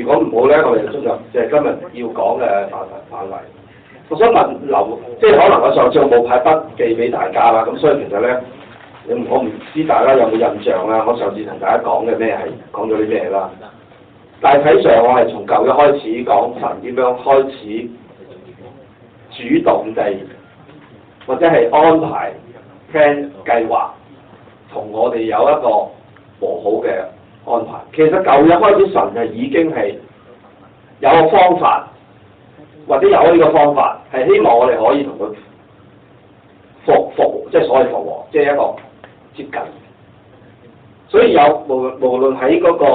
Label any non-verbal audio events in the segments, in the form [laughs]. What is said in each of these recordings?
如果唔好咧，我哋今日即係今日要講嘅範範圍。我想問劉，即係可能我上次冇派筆記俾大家啦，咁所以其實咧，我唔知大家有冇印象啦。我上次同大家講嘅咩係講咗啲咩啦？大體上我係從舊一開始講神點樣開始主動地或者係安排 plan 計劃，同我哋有一個和好嘅。安排其實舊日開始，神就已經係有個方法，或者有呢個方法，係希望我哋可以同佢復復，即係所謂復和，即係一個接近。所以有無無論喺個個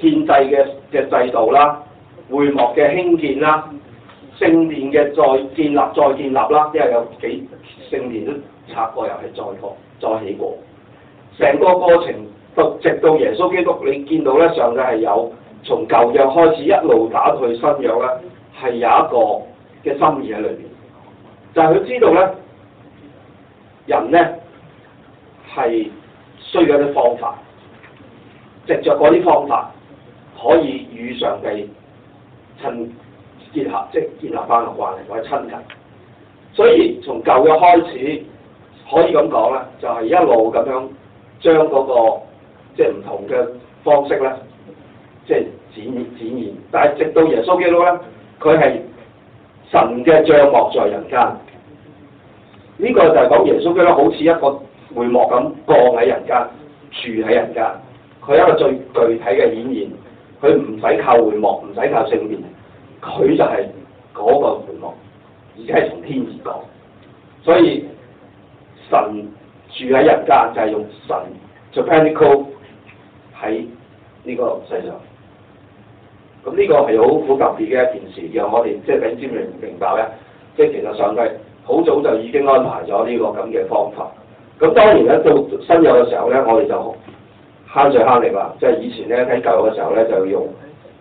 建制嘅嘅制度啦、會幕嘅興建啦、聖殿嘅再建立再建立啦，因為有幾聖殿都拆過又係再過再起過，成個過程。直到耶穌基督，你見到咧，上帝係有從舊約開始一路打去新約咧，係有一個嘅心意喺裏邊。就係、是、佢知道咧，人咧係需要一啲方法，藉着嗰啲方法可以與上帝親結合，即係建立翻個關係或者親近。所以從舊約開始，可以咁講咧，就係、是、一路咁樣將嗰、那個。即係唔同嘅方式咧，即係展現展現。但係直到耶穌基督咧，佢係神嘅帳幕在人間。呢、這個就係講耶穌基督好似一個帷幕咁降喺人間，住喺人間。佢係一個最具體嘅顯現，佢唔使靠帷幕，唔使靠聖殿，佢就係嗰個帷幕，而且係從天而降。所以神住喺人間就係用神 supernatural 喺呢個世上，咁呢個係好好特別嘅一件事。然後我哋即係點知明明白咧，即係其實上帝好早就已經安排咗呢個咁嘅方法。咁當然咧，到新約嘅時候咧，我哋就慳著慳力啦。即係以前咧喺舊約嘅時候咧，就要用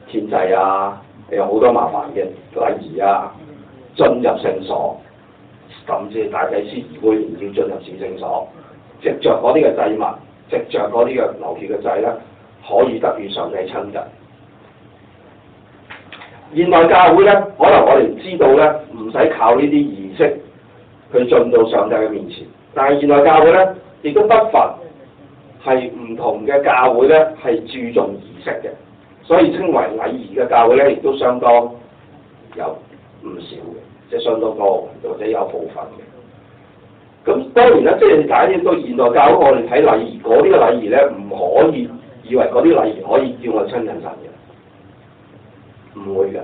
獻祭啊，有好多麻煩嘅禮儀啊，進入聖所，甚至大祭司會唔要進入至聖所，藉著嗰啲嘅祭物。藉着嗰啲嘅流血嘅祭咧，可以得與上帝親近。現代教會咧，可能我哋唔知道咧，唔使靠呢啲儀式去進到上帝嘅面前。但係現代教會咧，亦都不乏係唔同嘅教會咧係注重儀式嘅，所以稱為禮儀嘅教會咧，亦都相當有唔少嘅，即係相當多或者有部分嘅。咁當然啦，即係你睇呢個現代教育，我哋睇禮儀，嗰啲個禮儀咧唔可以以為嗰啲禮儀可以叫我哋親近神嘅，唔會㗎，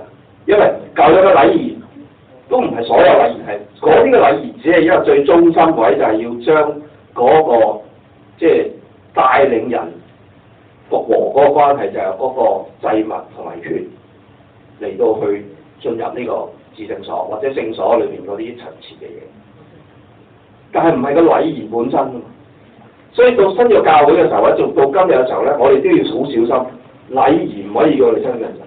因為舊約嘅禮儀都唔係所有禮儀係嗰啲個禮儀，只係因為最中心位就係要將嗰、那個即係、就是、帶領人復和嗰個關係就個，就係嗰個祭物同埋權嚟到去進入呢個至聖所或者聖所裏邊嗰啲層次嘅嘢。但係唔係個禮儀本身啊嘛，所以到新約教會嘅時候，或者到今日嘅時候咧，我哋都要好小心禮儀唔可以叫我哋親近嘅。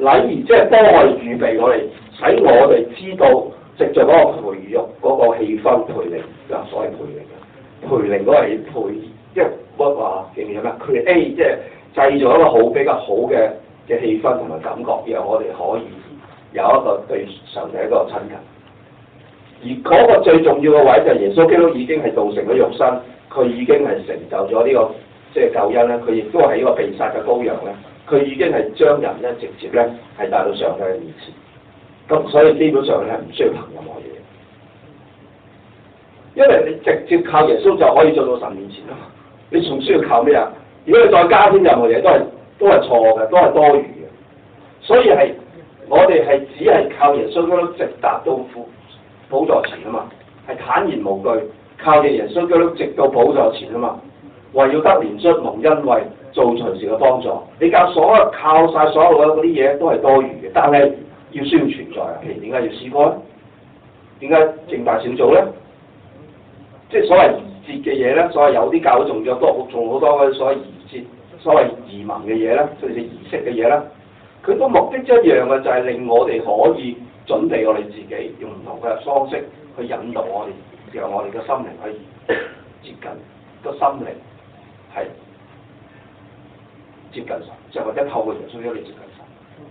禮儀,我禮儀即係多為預備我哋，使我哋知道，藉著嗰個培育嗰、嗰個氣氛培靈，啊，所謂培靈。啊，培靈嗰個係培，即係唔好話叫咩啦，佢 A 即係製造一個好比較好嘅嘅氣氛同埋感覺，讓我哋可以有一個對上帝一個親近。而嗰個最重要嘅位就係耶穌基督已經係道成咗肉身，佢已經係成就咗呢個即係救恩咧，佢亦都係一個被殺嘅羔羊咧，佢已經係將人咧直接咧係帶到上帝面前，咁所以基本上咧唔需要憑任何嘢，因為你直接靠耶穌就可以做到神面前啦，你仲需要靠咩啊？如果你再加添任何嘢，都係都係錯嘅，都係多餘嘅，所以係我哋係只係靠耶穌基督直達到父。輔助錢啊嘛，係坦然無懼，靠嘅人雙腳直到輔助錢啊嘛，為要得憐恤，蒙恩惠，做隨時嘅幫助。你教所有靠晒所有嗰啲嘢都係多餘嘅，但係要需要存在啊。譬如點解要詩歌咧？點解正大小組咧？即係所謂儀節嘅嘢咧，所謂有啲教會重要多好，仲好多嘅所謂儀節、所謂移民嘅嘢咧，甚至儀式嘅嘢咧，佢個目的一樣嘅就係令我哋可以。準備我哋自己，用唔同嘅方式去引導我哋，讓我哋嘅心靈可以接近，個心靈係接近神，就係或者透過人中一你接近神。嗯、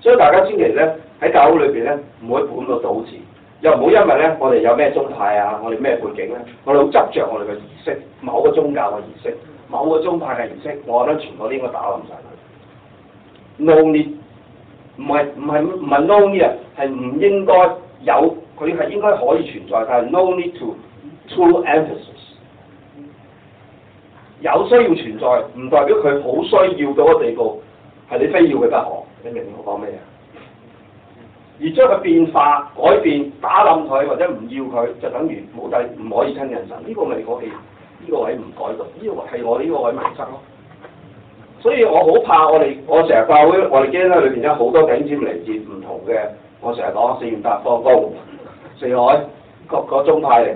所以大家千祈咧喺教會裏邊咧，唔可以本末倒置，又唔好因為咧我哋有咩宗派啊，我哋咩背景咧、啊，我哋好執着我哋嘅儀式，某個宗教嘅儀式，某個宗派嘅儀式，我覺得全部應該打冧晒佢，努力。唔係，唔係，唔係 no need 啊，係唔應該有，佢係應該可以存在，但係 no need to to emphasis。有需要存在，唔代表佢好需要到嘅地步，係你非要佢不可。你明唔明我講咩啊？而將佢變化、改變、打冧佢或者唔要佢，就等於冇計，唔可以親人身。呢、這個咪我哋呢個位唔改到，呢個係我呢個位埋失咯。這個所以我好怕我哋，我成日教會，我哋基恩咧裏邊有好多頂尖嚟自唔同嘅，我成日講四元達、方東、四海各個宗派嚟。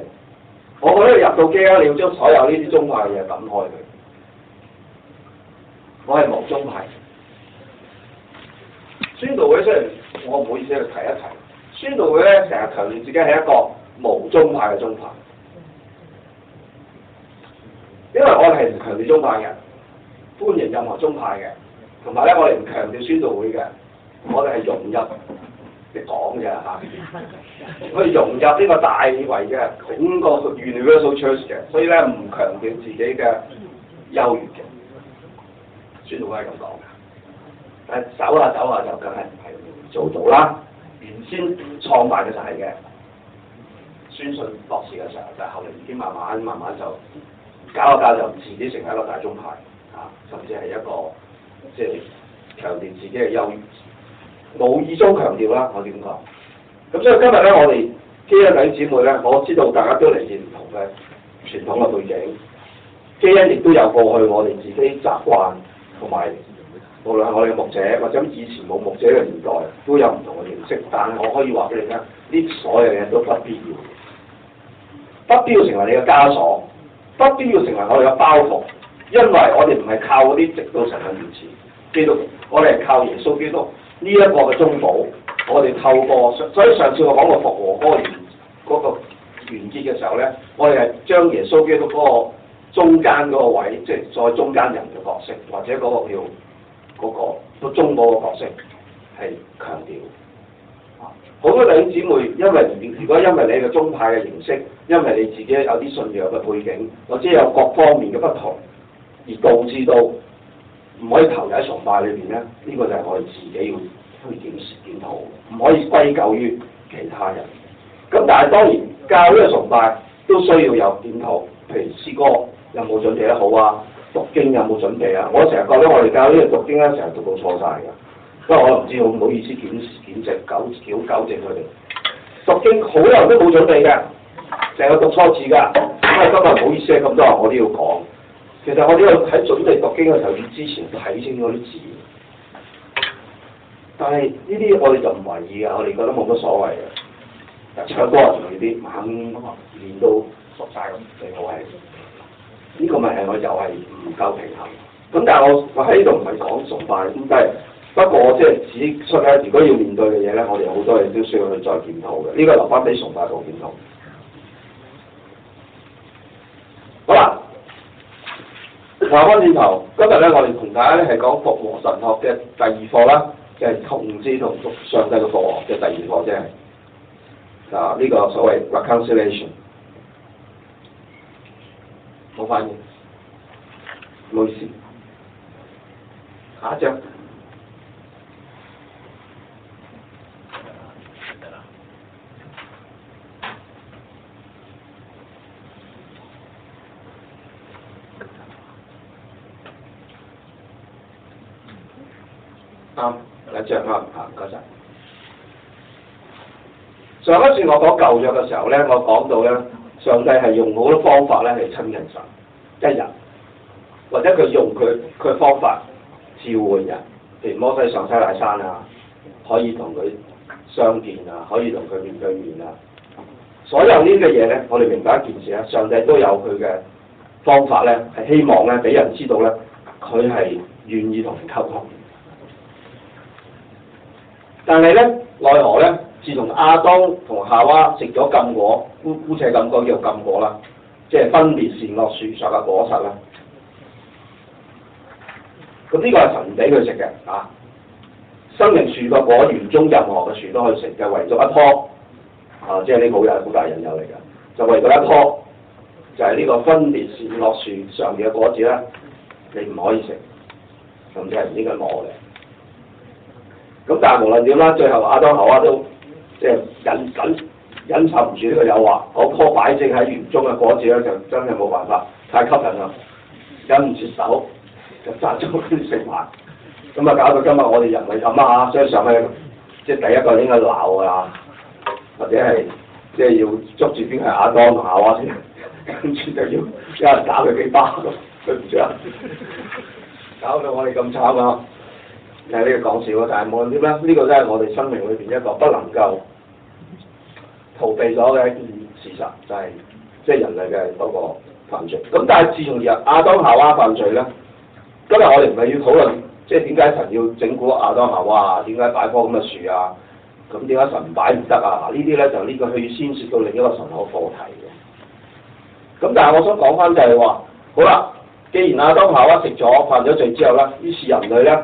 我覺得入到基恩啦，你要將所有呢啲宗派嘅嘢揼開佢。我係無宗派。宣道會雖然我唔好意思去提一提。宣道會咧成日強調自己係一個無宗派嘅宗派，因為我係唔強調宗派嘅。歡迎任何宗派嘅，同埋咧我哋唔強調宣道會嘅， [laughs] 我哋係融入你講嘅嚇，去融入呢個大圍嘅整個 universal church 嘅，所以咧唔強調自己嘅優越嘅，宣道會係咁講嘅，但走下走下就梗係唔係做到啦，原先創辦嘅就係嘅宣信博士嘅時候，但後嚟已經慢慢慢慢就搞下搞下就自己成為一個大宗派。甚至係一個即係強調自己嘅優越，無意中強調啦。我點講？咁所以今日咧，我哋基恩弟兄姊妹咧，我知道大家都嚟自唔同嘅傳統嘅背景，基恩亦都有過去我哋自己習慣，同埋無論係我哋牧者或者以前冇牧者嘅年代，都有唔同嘅形式。但係我可以話俾你聽，呢所有嘢都不必要，不必要成為你嘅枷鎖，不必要成為我哋嘅包袱。因為我哋唔係靠嗰啲直到神嘅名字，基督，我哋係靠耶穌基督呢一個嘅中保。我哋透過所以上次我講過復和歌完嗰、那個完結嘅時候咧，我哋係將耶穌基督嗰個中間嗰個位，即係在中間人嘅角色，或者嗰個叫嗰、那個、那個、中保嘅角色係強調。好多弟兄姊妹，因為如果因為你嘅宗派嘅形式，因為你自己有啲信仰嘅背景，或者有各方面嘅不同。而導致到唔可以投入喺崇拜裏邊咧，呢個就係我哋自己要都要檢視檢討，唔可以歸咎於其他人。咁但係當然教呢個崇拜都需要有檢討，譬如詩歌有冇準備得好啊？讀經有冇準備啊？我成日覺得我哋教呢個讀經咧，成日讀到錯晒㗎，不過我都唔知好唔好意思檢檢正糾糾糾正佢哋讀經，好多人都冇準備㗎，成日讀錯字㗎。因為今日唔好意思，咁多人我都要講。其實我呢個喺準備讀經嘅時候，之前睇清嗰啲字。但係呢啲我哋就唔懷疑嘅，我哋覺得冇乜所謂嘅。唱歌仲要啲猛練到熟晒咁，呢好係呢個咪係我又係唔夠平衡。咁但係我我喺呢度唔係講崇拜，咁但係不過即係指出咧，如果要面對嘅嘢咧，我哋好多嘢都需要去再檢討嘅。呢個留翻俾崇拜做檢討。好啦。話翻轉頭，今日咧我哋同大家咧係講復和神學嘅第二課啦，就係、是、同志同上帝嘅復和嘅第二課啫。啊，呢個所謂 reconciliation，冇反應，冇意思，下一張。行唔行，上一次我講舊約嘅時候咧，我講到咧，上帝係用好多方法咧，係親人上，一人，或者佢用佢佢方法召喚人，譬如摩西上西奈山啊，可以同佢相見啊，可以同佢面對面啊。所有呢啲嘢咧，我哋明白一件事啊，上帝都有佢嘅方法咧，係希望咧俾人知道咧，佢係願意同人溝通。但係咧，奈何咧？自從阿當同夏娃食咗禁果，姑姑且咁講叫禁果啦，即係分別善惡樹上嘅果實咧。咁呢個係神俾佢食嘅啊！生命樹嘅果園中任何嘅樹都可以食嘅，為咗一樖啊，即係呢個好大好大引誘嚟嘅，就為咗一樖，就係、是、呢個分別善惡樹上面嘅果子咧，你唔可以食，甚至係唔應該攞嘅。咁但係無論點啦，最後阿當夏娃都即係忍忍忍受唔住呢個誘惑，嗰樖擺正喺園中嘅果子咧就真係冇辦法，太吸引啦，忍唔住手就摘咗佢食埋，咁啊搞到今日我哋人類咁啊，所以上面即係第一個應該鬧啊，或者係即係要捉住邊個阿當夏娃先，跟住就要有人打佢幾巴咯，對唔住啊，搞到我哋咁慘啊！就呢個講笑咯，但係冇論點咧，呢、這個真係我哋生命裏邊一個不能夠逃避咗嘅一件事實，就係即係人類嘅嗰個犯罪。咁但係自從亞亞當夏娃犯罪咧，今日我哋唔係要討論即係點解神要整蠱亞當夏娃，點解擺棵咁嘅樹啊？咁點解神唔擺唔得啊？嗱呢啲咧就呢個去先說到另一個神學課題嘅。咁但係我想講翻就係、是、話，好啦，既然亞當夏娃食咗犯咗罪之後咧，於是人類咧。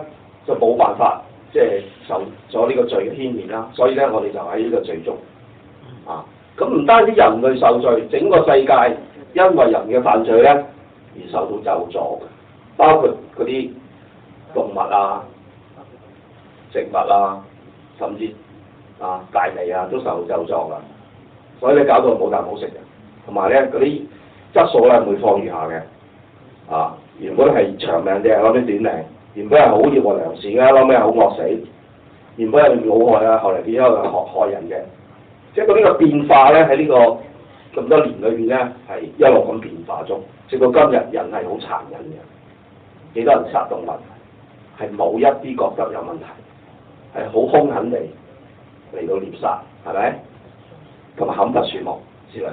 就冇辦法，即係受咗呢個罪嘅牽連啦。所以咧，我哋就喺呢個罪中啊。咁唔單止人類受罪，整個世界因為人嘅犯罪咧而受到咒詛嘅，包括嗰啲動物啊、植物啊，甚至啊大地啊都受到咒詛噶。所以咧，搞到冇啖好食嘅，同埋咧嗰啲質素咧會放餘下嘅啊。原本係長命嘅，攞啲短命。原本係好熱和良善嘅，後屘好惡死。原本係好愛啊，後嚟變咗係害人嘅。即係佢呢個變化咧，喺呢、這個咁多年裏邊咧，係一路咁變化中，直到今日人係好殘忍嘅。幾多人殺動物，係冇一啲覺得有問題，係好凶狠地嚟到獵殺，係咪？咁砍伐樹木之類。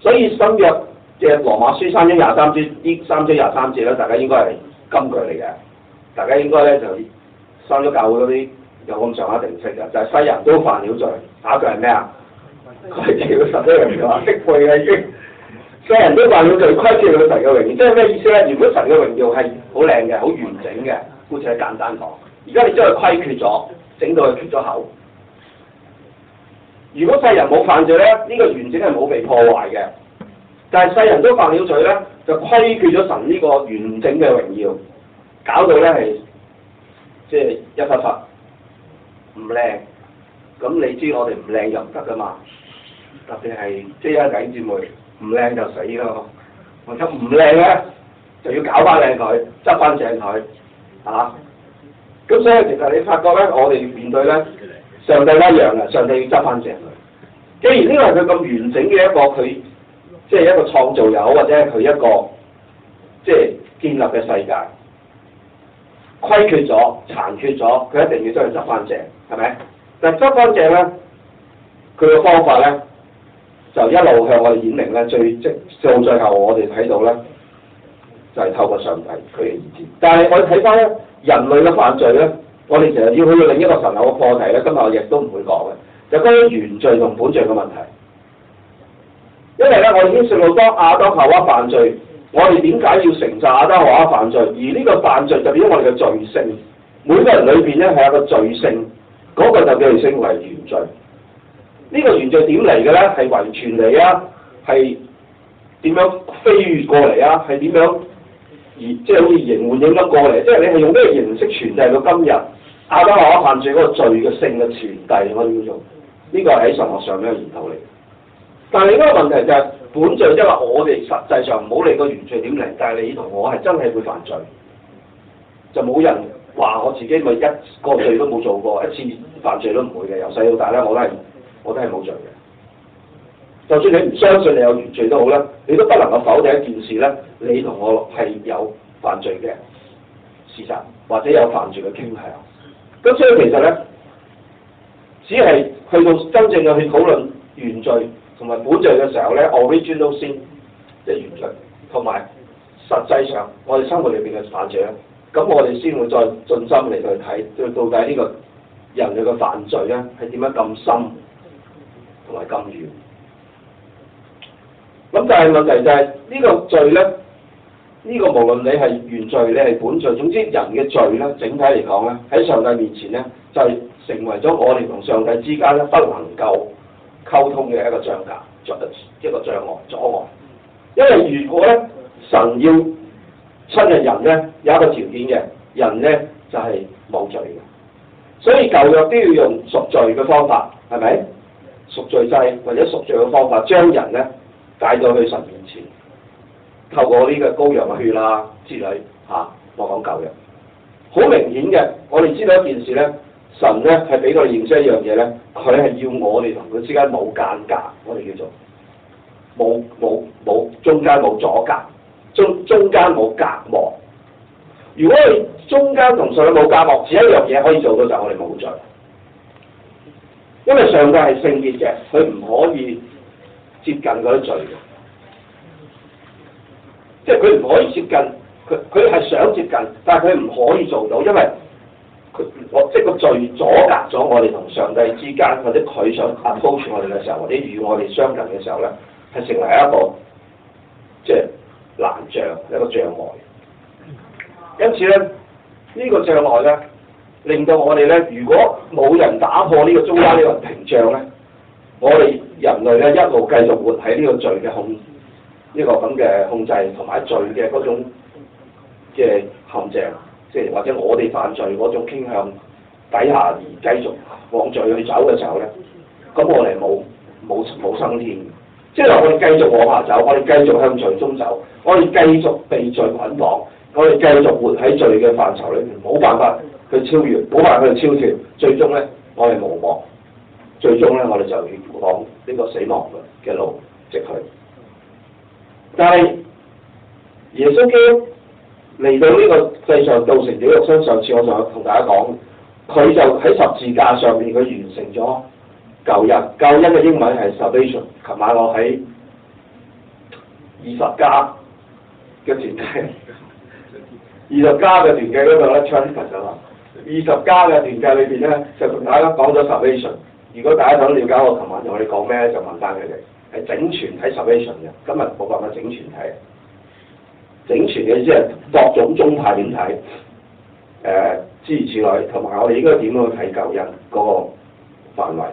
所以新約即係羅馬書三章廿三節，呢三章廿三節咧，大家應該係。金句嚟嘅，大家應該咧就生咗教會嗰啲有咁上下定式嘅，就係、是、世人都犯了罪，打佢係咩啊？規缺神嘅榮耀啊，擊碎嘅已經，世 [music] [music] 人都犯了罪，規缺咗神嘅榮耀，即係咩意思咧？如果神嘅榮耀係好靚嘅，好完整嘅，姑且簡單講，而家你將佢規缺咗，整到佢缺咗口。如果世人冇犯罪咧，呢、這個完整係冇被破壞嘅。但係世人都犯了罪咧，就虧缺咗神呢個完整嘅榮耀，搞到咧係即係一塌塌，唔靚。咁你知我哋唔靚就唔得噶嘛？特別係即係一仔一姊妹唔靚就死咯，或者唔靚咧就要搞翻靚佢，執翻正佢，係、啊、嘛？咁所以其實你發覺咧，我哋要面對咧，上帝一樣嘅，上帝要執翻正佢。既然呢個係佢咁完整嘅一個佢。即係一個創造又好，或者係佢一個即係建立嘅世界，規缺咗、殘缺咗，佢一定要將佢執翻正，係咪？但執翻正咧，佢嘅方法咧，就一路向我哋顯明咧，最即到最後，我哋睇到咧，就係透過上帝佢嘅意志。但係我哋睇翻咧人類嘅犯罪咧，我哋成日要去到另一個神學嘅課題咧，今日我亦都唔會講嘅，就關於原罪同本罪嘅問題。因為咧，我已經識好多亞當夏娃犯罪，我哋點解要承載亞當夏娃犯罪？而呢個犯罪代表我哋嘅罪性，每個人裏邊咧係一個罪性，嗰、那個就叫佢成為原罪。呢、這個原罪點嚟嘅咧？係遺傳嚟啊，係點樣飛越過嚟啊？係點樣而即係好似營換咁樣過嚟？即、就、係、是、你係用咩形式傳遞到今日亞當夏娃犯罪嗰個罪嘅性嘅傳遞？我哋叫做呢個係喺神學上面嘅研究嚟。但係你嗰個問題就係本罪，即係話我哋實際上唔好理個原罪點嚟，但係你同我係真係會犯罪，就冇人話我自己咪一個罪都冇做過，一次犯罪都唔會嘅。由細到大咧，我都係我都係冇罪嘅。就算你唔相信你有原罪都好啦，你都不能夠否定一件事咧，你同我係有犯罪嘅事實，或者有犯罪嘅傾向。咁所以其實咧，只係去到真正嘅去討論原罪。同埋本罪嘅時候咧，original sin，即係原罪，同埋實際上我哋生活裏邊嘅犯罪，咁我哋先會再盡心嚟去睇，即係到底呢個人類嘅犯罪咧，係點樣咁深同埋咁遠？咁但係問題就係呢個罪咧，呢個無論你係原罪，你係本罪，總之人嘅罪咧，整體嚟講咧，喺上帝面前咧，就係成為咗我哋同上帝之間咧不能夠。溝通嘅一個障礙，著一個障礙、阻礙。因為如果咧，神要親嘅人咧，有一個條件嘅，人咧就係、是、冇罪嘅。所以舊約都要用贖罪嘅方法，係咪？贖罪祭或者贖罪嘅方法，將人咧帶到去神面前，透過呢個羔羊嘅血啦之類嚇、啊，我講舊約。好明顯嘅，我哋知道一件事咧。神咧係俾我哋認識一樣嘢咧，佢係要我哋同佢之間冇間隔，我哋叫做冇冇冇中間冇阻隔，中中間冇隔膜。如果你中間同上帝冇隔膜，只一樣嘢可以做到就係我哋冇罪，因為上帝係聖潔嘅，佢唔可以接近嗰啲罪嘅，即係佢唔可以接近，佢佢係想接近，但係佢唔可以做到，因為。我即係個罪阻隔咗我哋同上帝之間，或者佢想 approach 我哋嘅時候，或者與我哋相近嘅時候咧，係成為一個即係攔障，一個障礙。因此咧，呢個障礙咧，令到我哋咧，如果冇人打破呢個中間呢個屏障咧，我哋人類咧一路繼續活喺呢個罪嘅控，呢個咁嘅控制同埋罪嘅嗰種嘅陷阱。即係或者我哋犯罪嗰種傾向底下而繼續往罪去走嘅時候咧，咁我哋冇冇冇生天，即係話我哋繼續往下走，我哋繼續向罪中走，我哋繼續被罪捆綁，我哋繼續活喺罪嘅範疇裏面，冇辦法去超越，冇辦法去超越，最終咧我哋冇望，最終咧我哋就要往呢個死亡嘅嘅路直去。但係耶穌基督，嚟到呢個世上造成咗肉身，上次我仲同大家講，佢就喺十字架上面。佢完成咗救恩，救恩嘅英文係 salvation。琴晚我喺二十家嘅團契，二十家嘅團契嗰度咧，Charles 就話：二十家嘅團契裏邊咧，就同大家講咗 salvation。如果大家想了解我琴晚同你講咩咧，就問返佢哋，係整全睇 salvation 嘅。今日冇辦法整全睇。整全嘅即係各種宗派點睇？誒、呃，諸如此類，同埋我哋應該點樣去睇救恩嗰個範圍？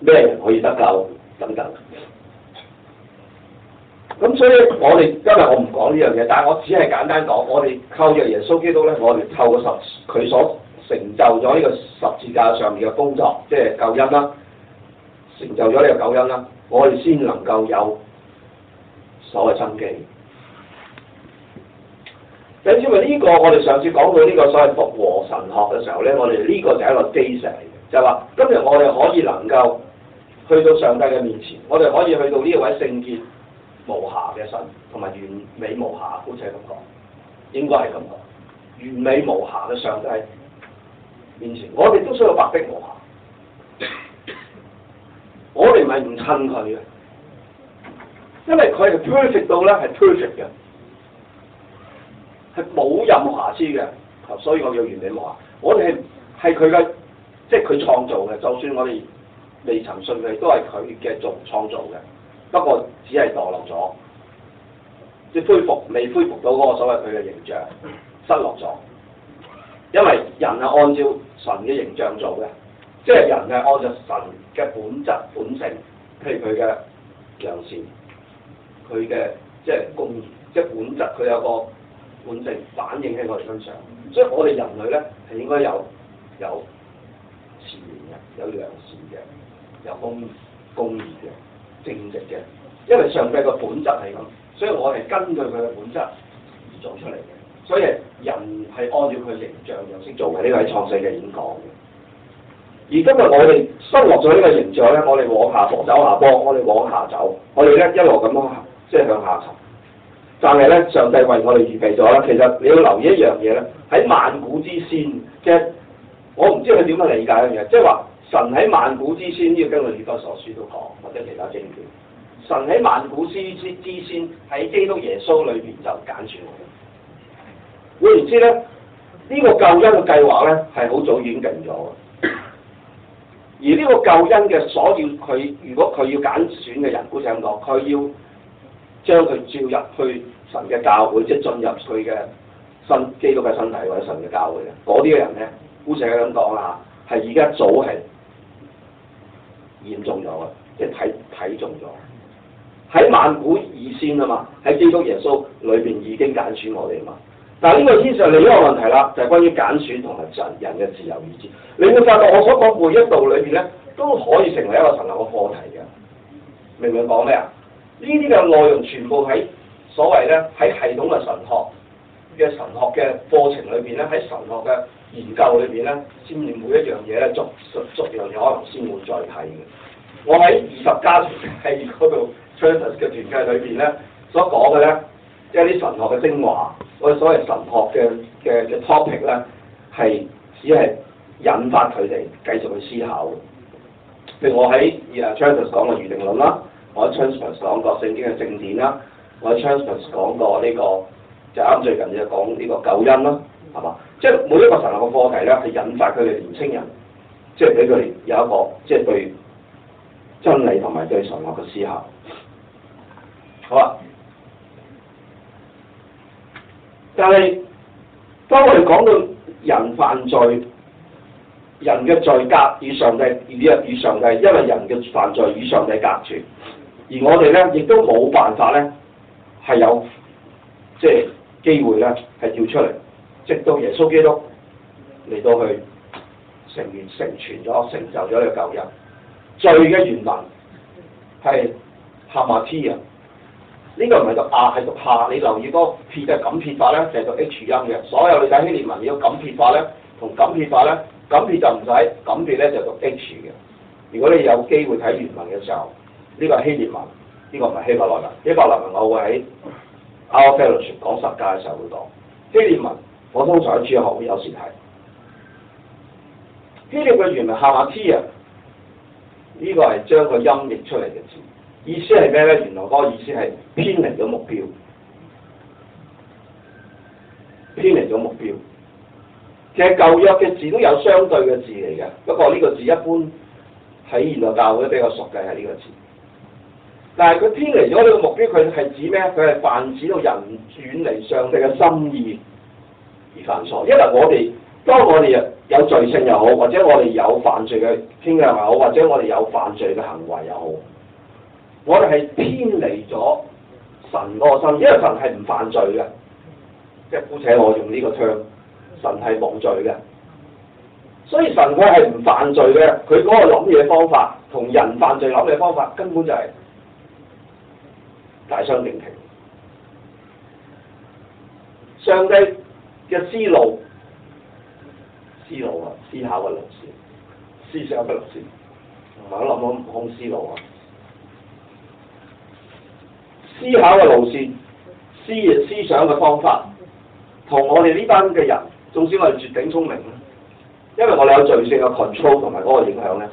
咩人可以得救等等？咁、嗯、所以我我我，我哋今日我唔講呢樣嘢，但係我只係簡單講，我哋靠着耶穌基督咧，我哋透過十佢所成就咗呢個十字架上面嘅工作，即係救恩啦，成就咗呢個救恩啦，我哋先能夠有。所謂真機，就因為呢個，我哋上次講到呢個所謂復和神學嘅時候咧，我哋呢個就係一個基石嚟嘅，就係、是、話今日我哋可以能夠去到上帝嘅面前，我哋可以去到呢一位聖潔無瑕嘅神，同埋完美無瑕，好似咁講，應該係咁講，完美無瑕嘅上帝面前，我哋都需要白璧無瑕，我哋唔係唔親佢嘅。因為佢係 perfect 到咧，係 perfect 嘅，係冇任何瑕疵嘅，所以我有原嚟話，我哋係係佢嘅，即係佢創造嘅。就算我哋未曾信佢，都係佢嘅造創造嘅。不過只係墮落咗，即恢復，未恢復到嗰個所謂佢嘅形象，失落咗。因為人係按照神嘅形象做嘅，即係人係按照神嘅本質本性，譬如佢嘅良善。佢嘅即係工即係本質，佢有個本性反映喺我哋身上，所以我哋人類咧係應該有有善嘅，有良善嘅，有公公義嘅、正直嘅，因為上帝嘅本質係咁，所以我係根據佢嘅本質而做出嚟嘅。所以人係按照佢形象樣式、就是、做嘅，呢個係創世嘅演講嘅。而今日我哋失落咗呢個形象咧，我哋往下坡走下坡，我哋往下走，我哋一一路咁樣。即係向下沉，但係咧，上帝為我哋預備咗啦。其實你要留意一樣嘢咧，喺萬古之先，即係，我唔知佢點樣理解一樣嘢，即係話神喺萬古之先，呢個根據《以弗所書》都講，或者其他經典。神喺萬古之先之先喺基督耶穌裏邊就揀選我。我唔知咧，呢、這個救恩嘅計劃咧係好早已經定咗，而呢個救恩嘅所要佢，如果佢要揀選嘅人，古井落佢要。將佢召入去神嘅教會，即係進入佢嘅身基督嘅身體或者神嘅教會嘅，嗰啲嘅人咧，姑且咁講啦，係而家早係嚴重咗嘅，即係睇睇重咗。喺萬古以先啊嘛，喺基督耶穌裏邊已經揀選我哋啊嘛。但係呢個天上另一個問題啦，就係、是、關於揀選同埋神人嘅自由意志。你會發覺我所講每一道裏邊咧，都可以成為一個神學嘅課題嘅。明唔明我講咩啊？呢啲嘅內容全部喺所謂咧，喺系統嘅神學嘅神學嘅課程裏邊咧，喺神學嘅研究裏邊咧，先至每一樣嘢咧，逐逐逐樣嘢可能先會再睇嘅。我喺二十家係契度 Charles 嘅團契裏邊咧，所講嘅咧，一啲神學嘅精華，我所謂神學嘅嘅嘅 topic 咧，係只係引發佢哋繼續去思考。譬如我喺 Charles 講嘅預定論啦。我喺 transcript 講過聖經嘅正典啦，我喺 transcript 講過呢個就啱最近就講呢個救恩啦，係嘛？即係每一個神學嘅課題咧，係引發佢哋年青人，即係俾佢哋有一個即係對真理同埋對神學嘅思考。好啊，但係當我哋講到人犯罪，人嘅罪格與上帝，與人與上帝，因為人嘅犯罪與上帝隔住。而我哋咧，亦都冇辦法咧，係有即係、就是、機會咧，係跳出嚟，直到耶穌基督嚟到去成完成全咗、成就咗呢個舊人罪嘅原文係合馬 T 啊，呢個唔係讀啊，係讀下、啊啊。你留意嗰撇嘅感撇法咧，就係、是、讀 H 音嘅。所有你睇希伯來文，如果感撇法咧同感撇法咧，感撇就唔使，感撇咧就讀 H 嘅。如果你有機會睇原文嘅時候。呢個係希臘文，呢、這個唔係希伯來文。希伯來文我會喺 our fellowship 講十架嘅時候會講希臘文。我通常喺主學會有時睇希臘嘅原文下下 T 啊，呢、這個係將個音譯出嚟嘅字，意思係咩咧？原來嗰個意思係偏離咗目標，偏離咗目標。其實舊約嘅字都有相對嘅字嚟嘅，不過呢個字一般喺現代教會比較熟嘅係呢個字。但係佢偏離咗你個目標，佢係指咩？佢係泛指到人遠離上帝嘅心意而犯錯。因為我哋當我哋有罪性又好，或者我哋有犯罪嘅傾向又好，或者我哋有犯罪嘅行為又好，我哋係偏離咗神嗰個心，因為神係唔犯罪嘅。即係姑且我用呢個槍，神係冇罪嘅。所以神佢係唔犯罪嘅，佢嗰個諗嘢方法同人犯罪諗嘢方法根本就係、是，大相徑庭。上帝嘅思路，思路啊，思考嘅路線，思想嘅路線，唔好諗悟空思路啊！思考嘅路線，思思想嘅方法，同我哋呢班嘅人，縱使我哋絕頂聰明，因為我哋有罪性嘅 control 同埋嗰個影響咧，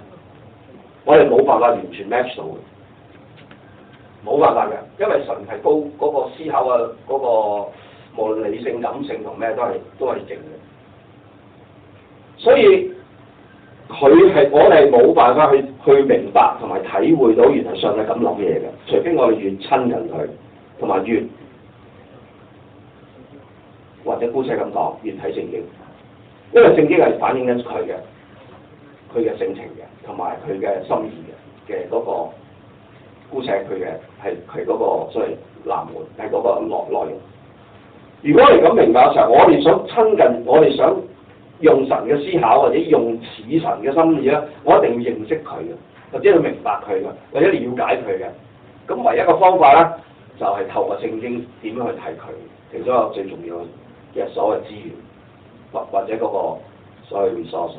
我哋冇辦法完全 match 到嘅。冇辦法嘅，因為神係高嗰個思考嘅嗰個，無論理性、感性同咩都係都係正嘅。所以佢係我哋冇辦法去去明白同埋體會到原來上帝係咁諗嘢嘅，除非我哋越親近佢，同埋越或者姑且咁講，越睇聖經，因為聖經係反映緊佢嘅佢嘅性情嘅，同埋佢嘅心意嘅嘅嗰個。估正佢嘅係佢嗰個，所謂南門係嗰個內內容。如果係咁明白嘅時候，我哋想親近，我哋想用神嘅思考或者用似神嘅心意咧，我一定要認識佢嘅，或者要明白佢嘅，或者要了解佢嘅。咁唯一嘅方法咧，就係、是、透過聖經點樣去睇佢，其中一個最重要嘅所謂資源，或或者嗰個所謂啲消息。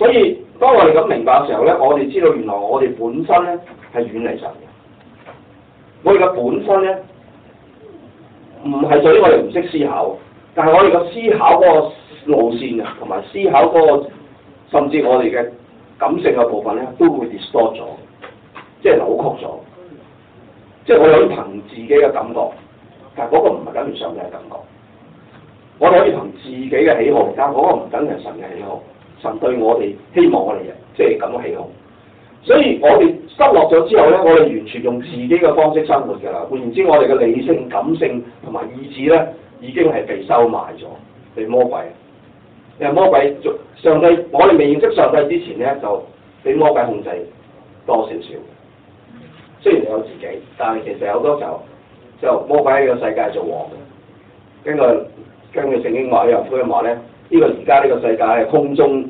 所以當我哋咁明白嘅時候咧，我哋知道原來我哋本身咧係遠離神嘅。我哋嘅本身咧唔係屬於我哋唔識思考，但係我哋嘅思考嗰個路線啊，同埋思考嗰個甚至我哋嘅感性嘅部分咧，都會 distort 咗，即係扭曲咗。即係我哋可以憑自己嘅感覺，但係嗰個唔係跟住上帝嘅感覺。我哋可以憑自己嘅喜好而家，嗰個唔跟住神嘅喜好。神對我哋希望我哋嘅，即係咁樣。好，所以我哋失落咗之後咧，的我哋完全用自己嘅方式生活㗎啦。換言之，我哋嘅理性、感性同埋意志咧，已經係被收買咗，被魔鬼。因為魔鬼做上帝，我哋未認識上帝之前咧，就俾魔鬼控制多少少。雖然有自己，但係其實好多時候就魔鬼喺個世界做王嘅。根據根據聖經話,話呢，有人可以話咧。呢個而家呢個世界係空中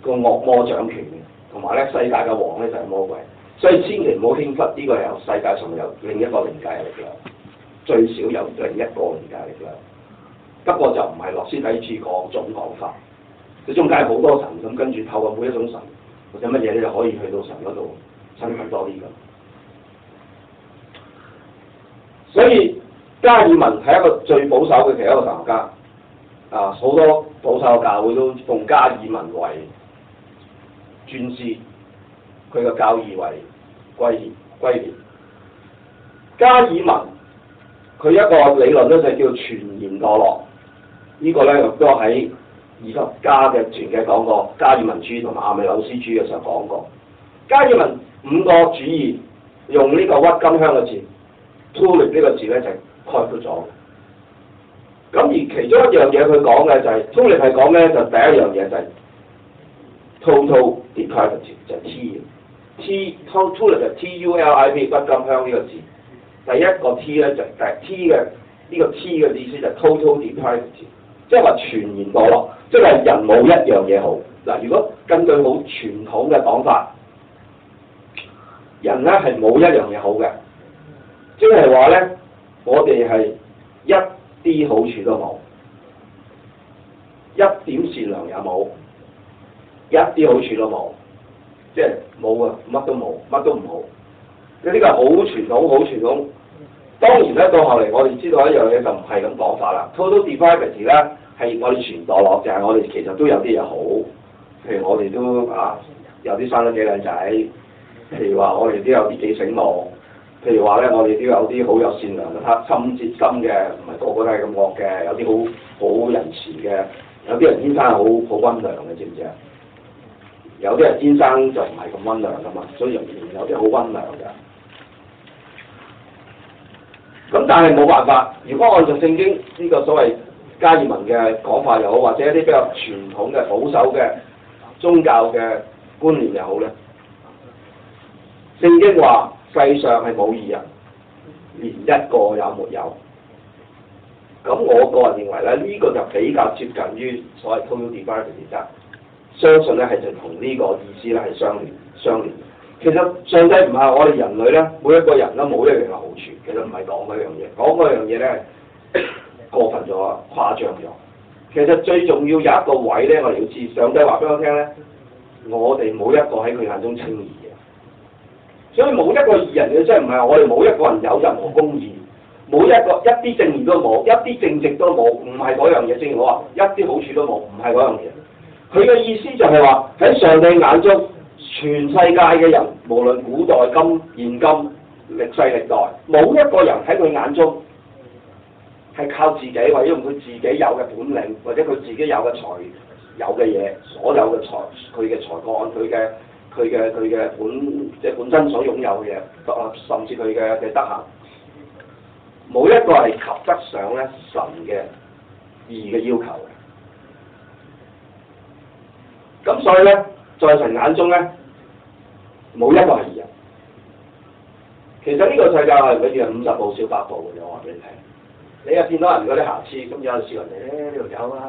個惡魔掌權嘅，同埋咧世界嘅王咧就係魔鬼，所以千祈唔好輕忽呢個由世界上有另一個靈界力量，最少有另一個靈界力量，不過就唔係諾斯底嗰種講法，你中間好多神咁，跟住透過每一種神或者乜嘢咧，就可以去到神嗰度親近多啲㗎。所以加爾文係一個最保守嘅其中一個神學家。啊！好多保守教會都奉加爾文為尊師，佢嘅教義為圭臬圭臬。加爾文佢一個理論咧就係叫全然墮落，這個、呢個咧我都喺二十家嘅傳記講過，加爾文主義同埋亞米紐斯主義嘅時候講過。加爾文五個主義用呢、這個鬱金香嘅字，TULIP 呢個字咧就概括咗。咁而其中一樣嘢佢講嘅就係、是，中力係講咧就第一樣嘢就，Total Depravity，就 T，T，t 滔中力就 TULIP 鬱金香呢個字，第一個 T 咧就第、是、T 嘅呢、這個 T 嘅意思就 Total Depravity，即係話全然冇，即、就、係、是、人冇一樣嘢好。嗱，如果根據好傳統嘅講法，人咧係冇一樣嘢好嘅，即係話咧我哋係一，啲好處都冇，一點善良也冇，一啲好處都冇，即係冇啊，乜都冇，乜都唔好。你呢個好傳統，好傳統，當然咧到後嚟我哋知道一樣嘢就唔係咁講法啦。Total Depravity 呢係我哋全墮落，就係我哋其實都有啲嘢好，譬如我哋都啊有啲生得幾靚仔，譬如話我哋都有啲幾醒目。譬如話咧，我哋都有啲好有善良嘅心、熱心嘅，唔係個個都係咁惡嘅，有啲好好仁慈嘅，有啲人天生係好好溫良嘅，知唔知啊？有啲人天生就唔係咁溫良噶嘛，所以有啲好溫良嘅。咁但係冇辦法，如果按照聖經呢個所謂加爾文嘅講法又好，或者一啲比較傳統嘅保守嘅宗教嘅觀念又好咧，聖經話。世界上係冇二人，連一個也冇有。咁我個人認為咧，呢、呢個就比較接近於所謂 equality principle。相信咧係就同呢個意思咧係相連相連。其實上帝唔係我哋人類咧，每一個人都冇一樣嘅好處。其實唔係講嗰樣嘢，講嗰樣嘢咧 [coughs] 過分咗，誇張咗。其實最重要有一個位咧，我哋要知上帝話俾我聽咧，我哋冇一個喺佢眼中稱義。所以冇一個異人嘅，真係唔係我哋冇一個人有任何公義，冇一個一啲正義都冇，一啲正，正直都冇，唔係嗰樣嘢先。正如我話一啲好處都冇，唔係嗰樣嘢。佢嘅意思就係話喺上帝眼中，全世界嘅人，無論古代、今、現今、歷世歷代，冇一個人喺佢眼中係靠自己，或者用佢自己有嘅本領，或者佢自己有嘅財有嘅嘢，所有嘅財佢嘅財幹佢嘅。佢嘅佢嘅本即係本身所擁有嘅，啊甚至佢嘅嘅德行，冇一個係及得上咧神嘅義嘅要求嘅。咁所以咧，在神眼中咧，冇一個係義人。其實呢個世界係比如五十步笑百步嘅，我話俾你聽。你又見到人嗰啲瑕疵，咁、欸、有時人哋咧呢度有啦，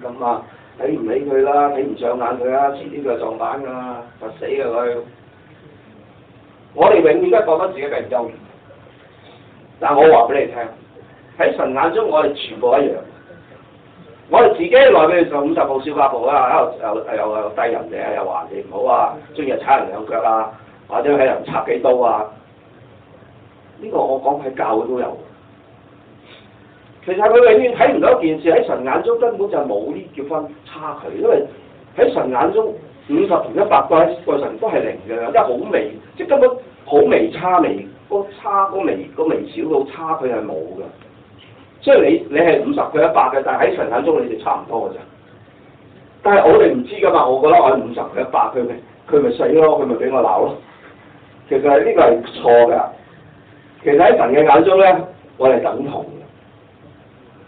咁咁啊～睇唔起佢啦，睇唔上眼佢啦，黐啲佢撞板噶，就死啊佢！我哋永遠都係覺得自己係唔夠，但係我話俾你聽，喺神眼中我哋全部一樣。我哋自己內裏上五十步笑百步啦，喺度又又低人哋啊，又話你唔好啊，中意踩人兩腳啊，或者喺人插幾刀啊，呢、這個我講係教會都有。其實佢永遠睇唔到一件事，喺神眼中根本就冇呢叫分差距，因為喺神眼中五十同一百個個神都係零嘅，即係好微，即係根本好微差微，嗰差嗰微嗰微少到差距係冇嘅。即係你你係五十佢一百嘅，但係喺神眼中你哋差唔多嘅咋。但係我哋唔知噶嘛，我覺得我係五十佢一百，佢咪佢咪死咯，佢咪俾我鬧咯。其實呢個係錯噶，其實喺神嘅眼中咧，我哋等同。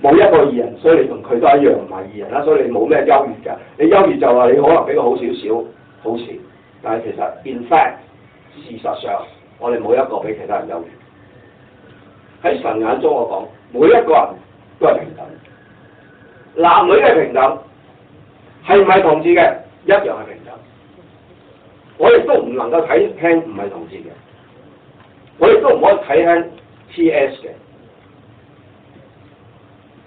冇一個異人，所以你同佢都一樣唔係異人啦，所以你冇咩優越嘅。你優越就話你可能比佢好少少，好前，但係其實 in fact 事實上，我哋冇一個比其他人優越。喺神眼中我，我講每一個人都係平等，男女都係平等，係唔係同志嘅一樣係平等。我亦都唔能夠睇輕唔係同志嘅，我亦都唔可以睇輕 TS 嘅。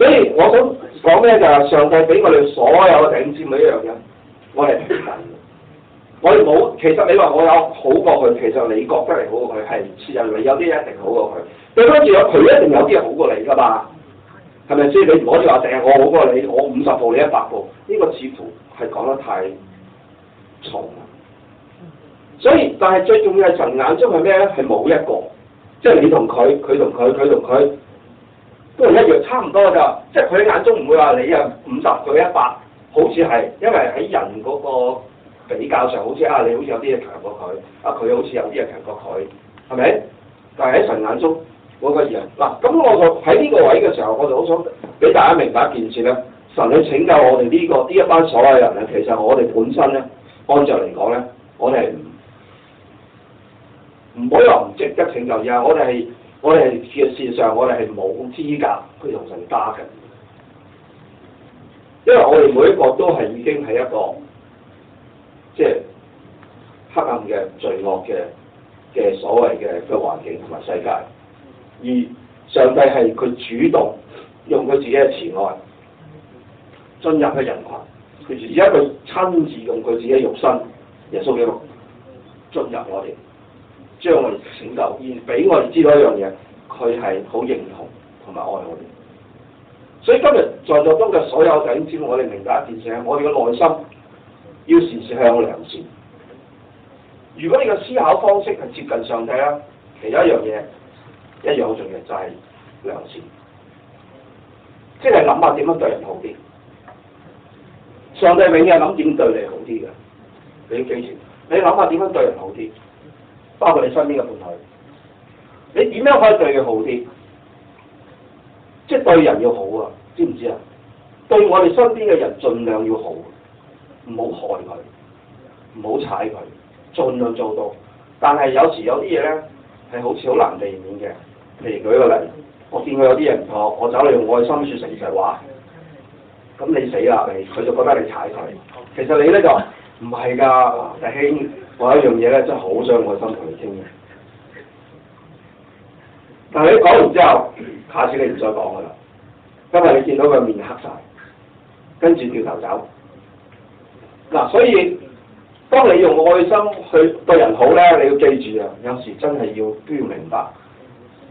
所以我想講咩就係上帝俾我哋所有嘅頂尖嘅一樣嘅。我哋平等。我哋冇，其實你話我有好過佢，其實你覺得你好過佢係唔切入嚟。有啲一定好過佢，你攞住我佢一定有啲嘢好過你噶嘛？係咪先？你唔可以話淨係我好過你，我五十步你一百步，呢、這個似乎係講得太重。所以，但係最重要係神眼中的咩咧？係冇一個，即、就、係、是、你同佢，佢同佢，佢同佢。他都一樣，差唔多㗎，即係佢眼中唔會話你啊五十佢一百，好似係，因為喺人嗰個比較上，好似啊你好似有啲嘢強過佢，啊佢好似有啲嘢強過佢，係咪？但係喺神眼中嗰個人，嗱、啊、咁我就喺呢個位嘅時候，我就好想俾大家明白一件事咧。神去拯救我哋呢、呢個呢一班所有人咧，其實我哋本身咧，按照嚟講咧，我哋唔唔可以話唔值得拯救而係，我哋係。我哋嘅事實上，我哋係冇資格去同神加嘅，因為我哋每一個都係已經係一個即係黑暗嘅罪惡嘅嘅所謂嘅嘅環境同埋世界，而上帝係佢主動用佢自己嘅慈愛進入去人群，佢自己一個親自用佢自己肉身，耶穌基督進入我哋。將我哋拯救，而俾我哋知道一樣嘢，佢係好認同同埋愛我哋。所以今日在座當嘅所有弟兄，知道我哋明白一件事，係我哋嘅內心要時時向我良善。如果你嘅思考方式係接近上帝啊，其中一樣嘢，一樣好重要，就係良善。即係諗下點樣對人好啲。上帝永遠諗點對你好啲嘅，你要堅持。你諗下點樣對人好啲？包括你身邊嘅伴侶，你點樣可以對佢好啲？即係對人要好啊，知唔知啊？對我哋身邊嘅人，儘量要好，唔好害佢，唔好踩佢，儘量做到。但係有時有啲嘢咧係好似好難避免嘅。譬如舉一個例，我見佢有啲人唔妥，我走嚟用愛心説誠實話，咁你死啦咪？佢就覺得你踩佢。其實你咧就唔係㗎，弟、啊、兄。我有一樣嘢咧，真係好想愛心同你傾嘅。但係你講完之後，下次你唔再講噶啦，因為你見到佢面黑晒，跟住掉頭走。嗱、啊，所以當你用愛心去對人好咧，你要記住啊，有時真係要都要明白，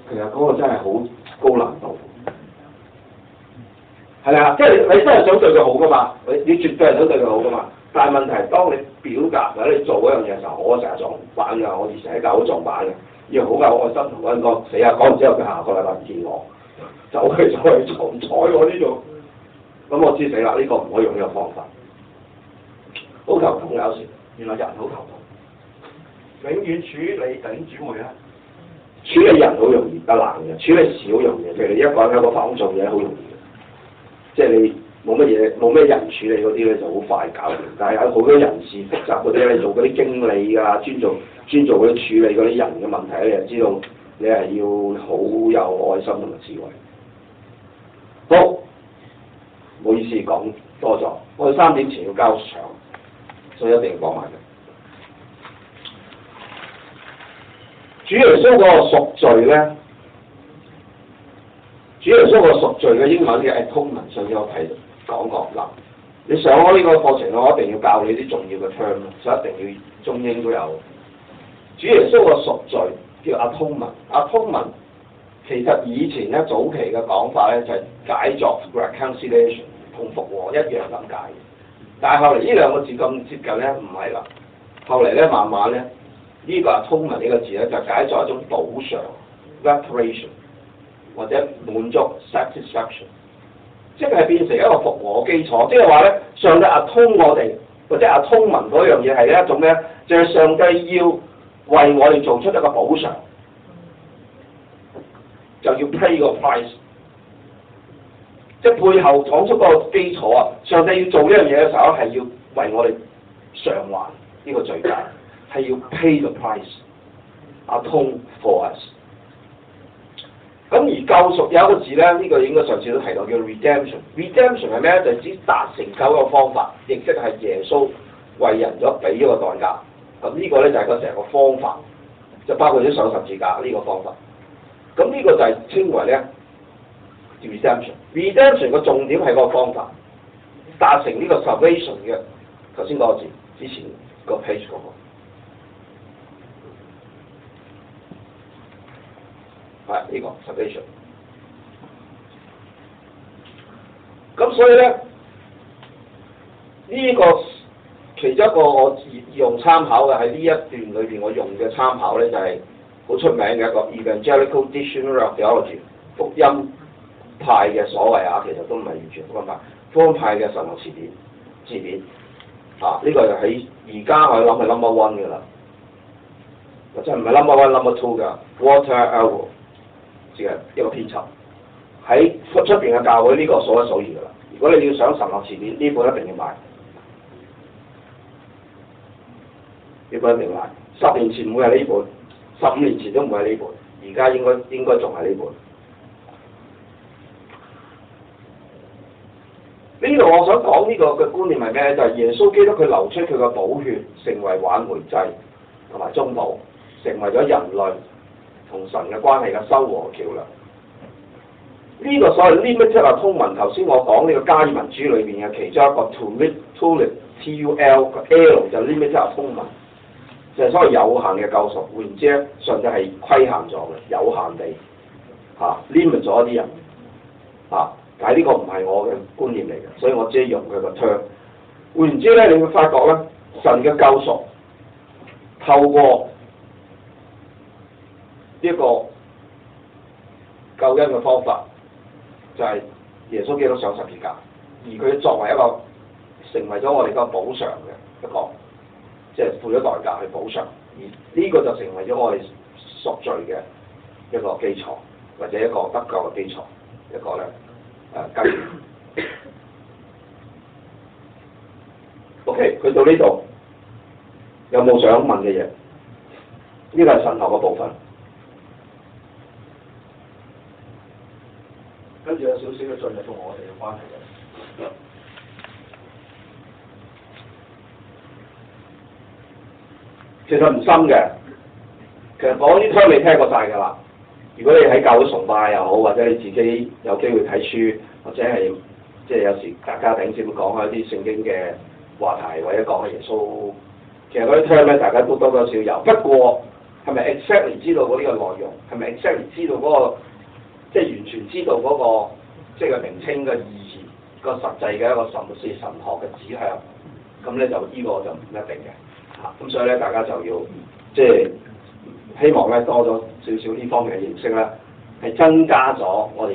其實嗰個真係好高難度。係啊，即係你，你真係想對佢好噶嘛？你你絕對係想對佢好噶嘛？但係問題，當你表達或者你做嗰樣嘢時候，我成日撞板嘅，我以前喺教撞板嘅，要好夠耐心同嗰人講，死啊！講完之後佢下個禮拜見我，走去係在重彩我呢種，咁 [laughs] 我知死啦！呢、呢個唔可以用呢個方法，好頭痛啊！有時 [laughs] 原來人好頭痛，永遠 [laughs] 處理緊主妹啦，處理人好容易，得難嘅處理事好容易，譬如你一個人喺個方公做嘢好容易嘅，即係你。冇乜嘢，冇咩人處理嗰啲咧就好快搞掂。但係有好多人事複雜嗰啲咧，做嗰啲經理啊，專做專做嗰啲處理嗰啲人嘅問題咧，你就知道你係要好有愛心同埋智慧。好，唔好意思講多咗，我哋三點前要交上，所以一定要講埋嘅。主要想個贖罪咧，主要想個贖罪嘅英文嘅係通文上邊有提到。講過嗱，你上咗呢個課程，我一定要教你啲重要嘅 term 咯，所以一定要中英都有。主耶穌嘅贖罪叫阿通文，阿通文其實以前咧早期嘅講法咧就係、是、解作 reconciliation，同復和一樣噉解嘅，但係後嚟呢兩個字咁接近咧，唔係啦，後嚟咧慢慢咧呢、這個阿通文呢個字咧就解作一種補償 reparation 或者滿足 satisfaction。即係變成一個復和嘅基礎，即係話咧，上帝阿通我哋或者阿通文嗰樣嘢係一種咩？就係、是、上帝要為我哋做出一個補償，就要 pay 個 price。即係背後闖出嗰個基礎啊！上帝要做呢樣嘢嘅時候，係要為我哋償還呢、這個罪債，係要 pay 個 price，阿通 for us。咁而救贖有一個字咧，呢個應該上次都提到叫 redemption。redemption 係咩？就係指達成救嘅方法，亦即係耶穌為人咗俾咗個代價。咁呢個咧就係個成個方法，就包括咗上十字架呢個方法。咁呢個就係稱為咧 redemption。redemption 嘅重點係個方法，達成呢個 salvation 嘅頭先嗰個字之前個 page 嗰個係呢、這個 solution 咁所以咧，呢、這個其中一個我用參考嘅喺呢一段裏邊，我用嘅參考咧就係好出名嘅一個 evangelical dictionary 福音派嘅所謂啊，其實都唔係完全福音派，福音派嘅神學詞典字典啊，呢、這個喺而家可以諗係 number one 噶啦，或者唔係 number one number two 噶。water level。嘅一個編輯喺出出邊嘅教會呢、這個數一數二噶啦。如果你要想神學辭典呢本一定要買，呢本一定要買。十年前唔會係呢本，十五年前都唔會係呢本，而家應該應該仲係呢本。呢度我想講呢個嘅觀念係咩？就係、是、耶穌基督佢流出佢個寶血，成為挽回祭，同埋中保成為咗人類。同神嘅關係嘅修和橋樑，呢、這個所謂 limited atonement，頭先我講呢個加爾文主義裏邊嘅其中一個，TULIP，TULIP，T-U-L，L to l 就 limited atonement，就係所謂有限嘅救贖。換言之咧，上帝係規限咗嘅，有限地嚇、啊、limit 咗一啲人嚇、啊，但係呢個唔係我嘅觀念嚟嘅，所以我只係用佢個 term。換言之咧，你會發覺咧，神嘅救贖透過。呢一個救恩嘅方法就係、是、耶穌基督上十字架，而佢作為一個成為咗我哋個補償嘅一個，即係付咗代價去補償，而呢個就成為咗我哋贖罪嘅一個基礎，或者一個得救嘅基礎。一個咧誒跟 OK，去到呢度有冇想問嘅嘢？呢、這個係神學嘅部分。跟住有少少嘅進入同我哋嘅關係嘅，其實唔深嘅，其實講啲聽未聽過晒㗎啦。如果你喺教會崇拜又好，或者你自己有機會睇書，或者係即係有時大家頂尖講開一啲聖經嘅話題，或者講下耶穌，其實嗰啲聽咧，大家都多多少有。不過係咪 exactly 知道嗰啲嘅內容？係咪 exactly 知道嗰個？即係完全知道嗰、嗰個即係名稱嘅意義，個實際嘅一個神學神學嘅指向，咁咧就呢個就唔一定嘅，嚇、啊、咁所以咧大家就要即係希望咧多咗少少呢方面嘅認識啦，係增加咗我哋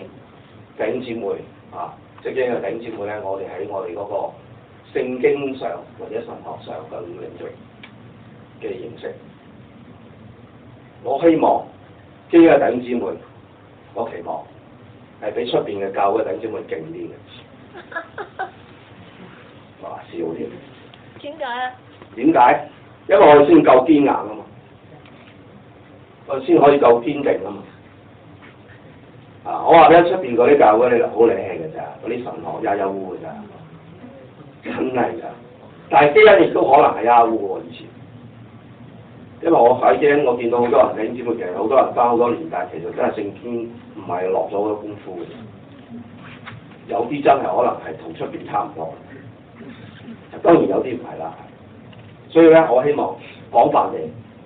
弟兄姊妹啊，即係呢個弟兄姊妹咧，我哋喺我哋嗰個聖經上或者神學上更明確嘅認識。我希望呢個弟兄姊妹。我期望係比出邊嘅教會等姊妹勁啲嘅，哇！笑添。點解何？點解？因為我先夠堅硬啊嘛，我先可以夠堅定啊嘛。啊！我話俾出邊啲教會你就好靚嘅咋，啲神學幽幽嘅咋，真係㗎。但係基恩亦都可能係幽㗎，以前。因為我喺基恩，我見到好多人弟兄姊妹，其實好多人翻好多年，但係其實真係聖經唔係落咗好多功夫嘅。有啲真係可能係同出邊差唔多，當然有啲唔係啦。所以咧，我希望廣泛地，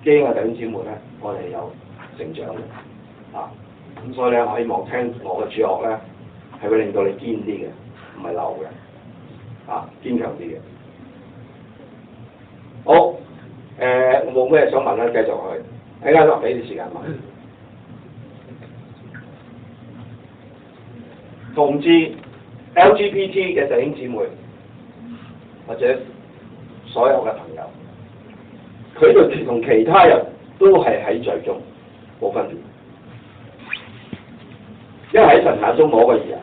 基恩嘅弟兄姊妹咧，我哋有成長嘅啊。咁所以咧，我希望聽我嘅主學咧，係會令到你堅啲嘅，唔係流嘅啊，堅強啲嘅。好。誒、呃，我冇咩想問啦，繼續下去。睇間留俾啲時間問。同志 LGBT 嘅弟兄姊妹，或者所有嘅朋友，佢哋同其他人都係喺罪中，冇分別。因為喺神眼中冇個異啊，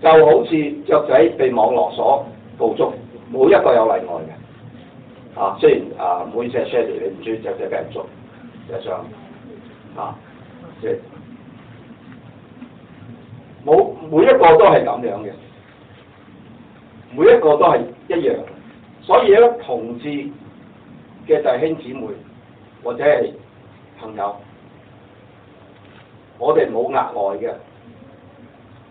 就好似雀仔被網羅所捕捉。冇一個有例外嘅，啊，雖然啊，每隻 share 你唔中意隻只都係做。足，有傷，啊，即係冇每一個都係咁樣嘅，每一個都係一,一樣，所以咧，同志嘅弟兄姊妹或者係朋友，我哋冇額外嘅，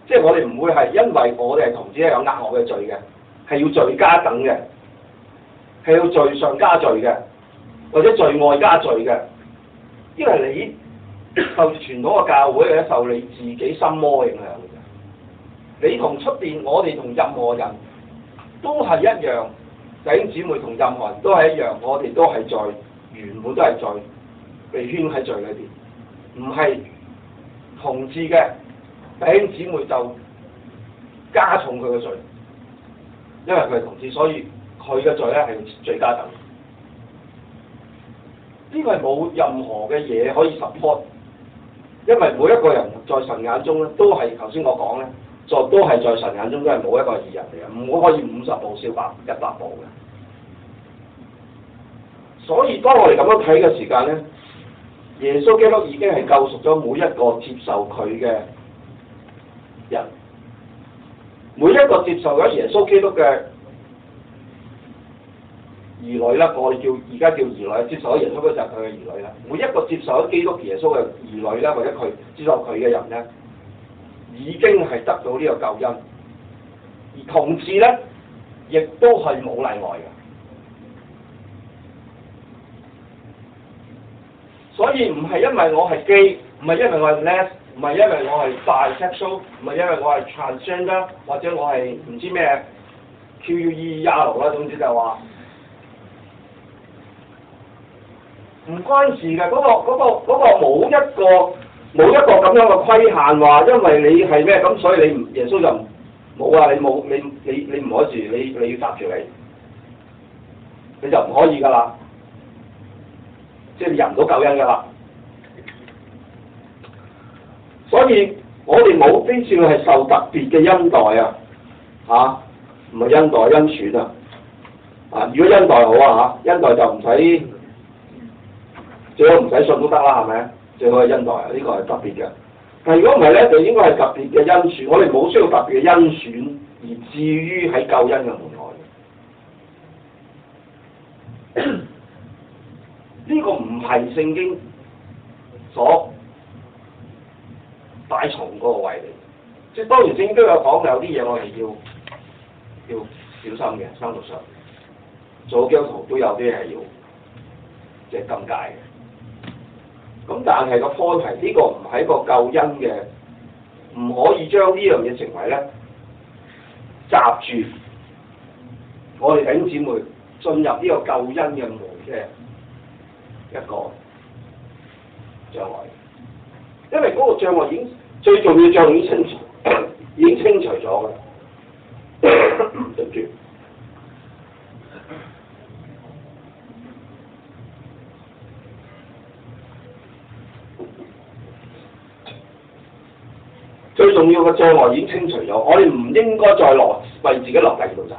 即係我哋唔會係因為我哋係同志咧有額外嘅罪嘅。係要罪加等嘅，係要罪上加罪嘅，或者罪外加罪嘅，因為你受傳 [laughs] 統嘅教會或受你自己心魔影響嘅，你同出邊我哋同任何人都係一樣，弟兄姊妹同任何人都係一樣，我哋都係罪，原本都係罪，被圈喺罪裏邊，唔係同志嘅弟兄姊妹就加重佢嘅罪。因為佢係同志，所以佢嘅罪咧係罪加等。呢個係冇任何嘅嘢可以 support，因為每一個人在神眼中咧，都係頭先我講咧，就都係在神眼中都係冇一個義人嚟嘅，唔好可以五十步笑百一百步嘅。所以當我哋咁樣睇嘅時間咧，耶穌基督已經係救贖咗每一個接受佢嘅人。每一個接受咗耶穌基督嘅兒女咧，我哋叫而家叫兒女，接受咗耶穌嘅就係佢嘅兒女啦。每一個接受咗基督耶穌嘅兒女咧，或者佢接受佢嘅人咧，已經係得到呢個救恩，而同志咧，亦都係冇例外嘅。所以唔係因為我係基，唔係因為我係 less。唔係因為我係 bisexual，唔係因為我係 transgender，或者我係唔知咩 queer 啦。總之就話唔關事嘅。嗰、嗰個嗰冇、嗰個嗰個嗰個、一個冇一個咁樣嘅規限話，因為你係咩咁，所以你唔耶穌就冇啊！你冇你你你唔可以住，你你要殺住你，你就唔可以㗎，即係入唔到救恩㗎啦。所以我哋冇非少係受特別嘅恩待啊，嚇唔係恩待，係恩選啊。啊，如果恩待好啊嚇，恩待就唔使最好唔使信都得啦，係咪最好係恩待，呢個係特別嘅。但如果唔係咧，就應該係特別嘅恩選。我哋冇需要特別嘅恩選，而至於喺救恩嘅門外。呢 [coughs] 個唔係聖經所。擺重嗰個位嚟，即係當然正都有講，有啲嘢我哋要要小心嘅，生活上做基督徒都有啲嘢係要即係、就是、禁戒嘅。咁但係個課題呢個唔係一個救恩嘅，唔可以將呢樣嘢成為咧，閘住我哋弟兄姊妹進入呢個救恩嘅門嘅一個障礙，因為嗰個障礙已經。最重要障礙清除， [coughs] 已經清除咗啦，對唔住。 [coughs] 最重要嘅障礙已經清除咗，我哋唔應該再嚟為自己留第二道閘。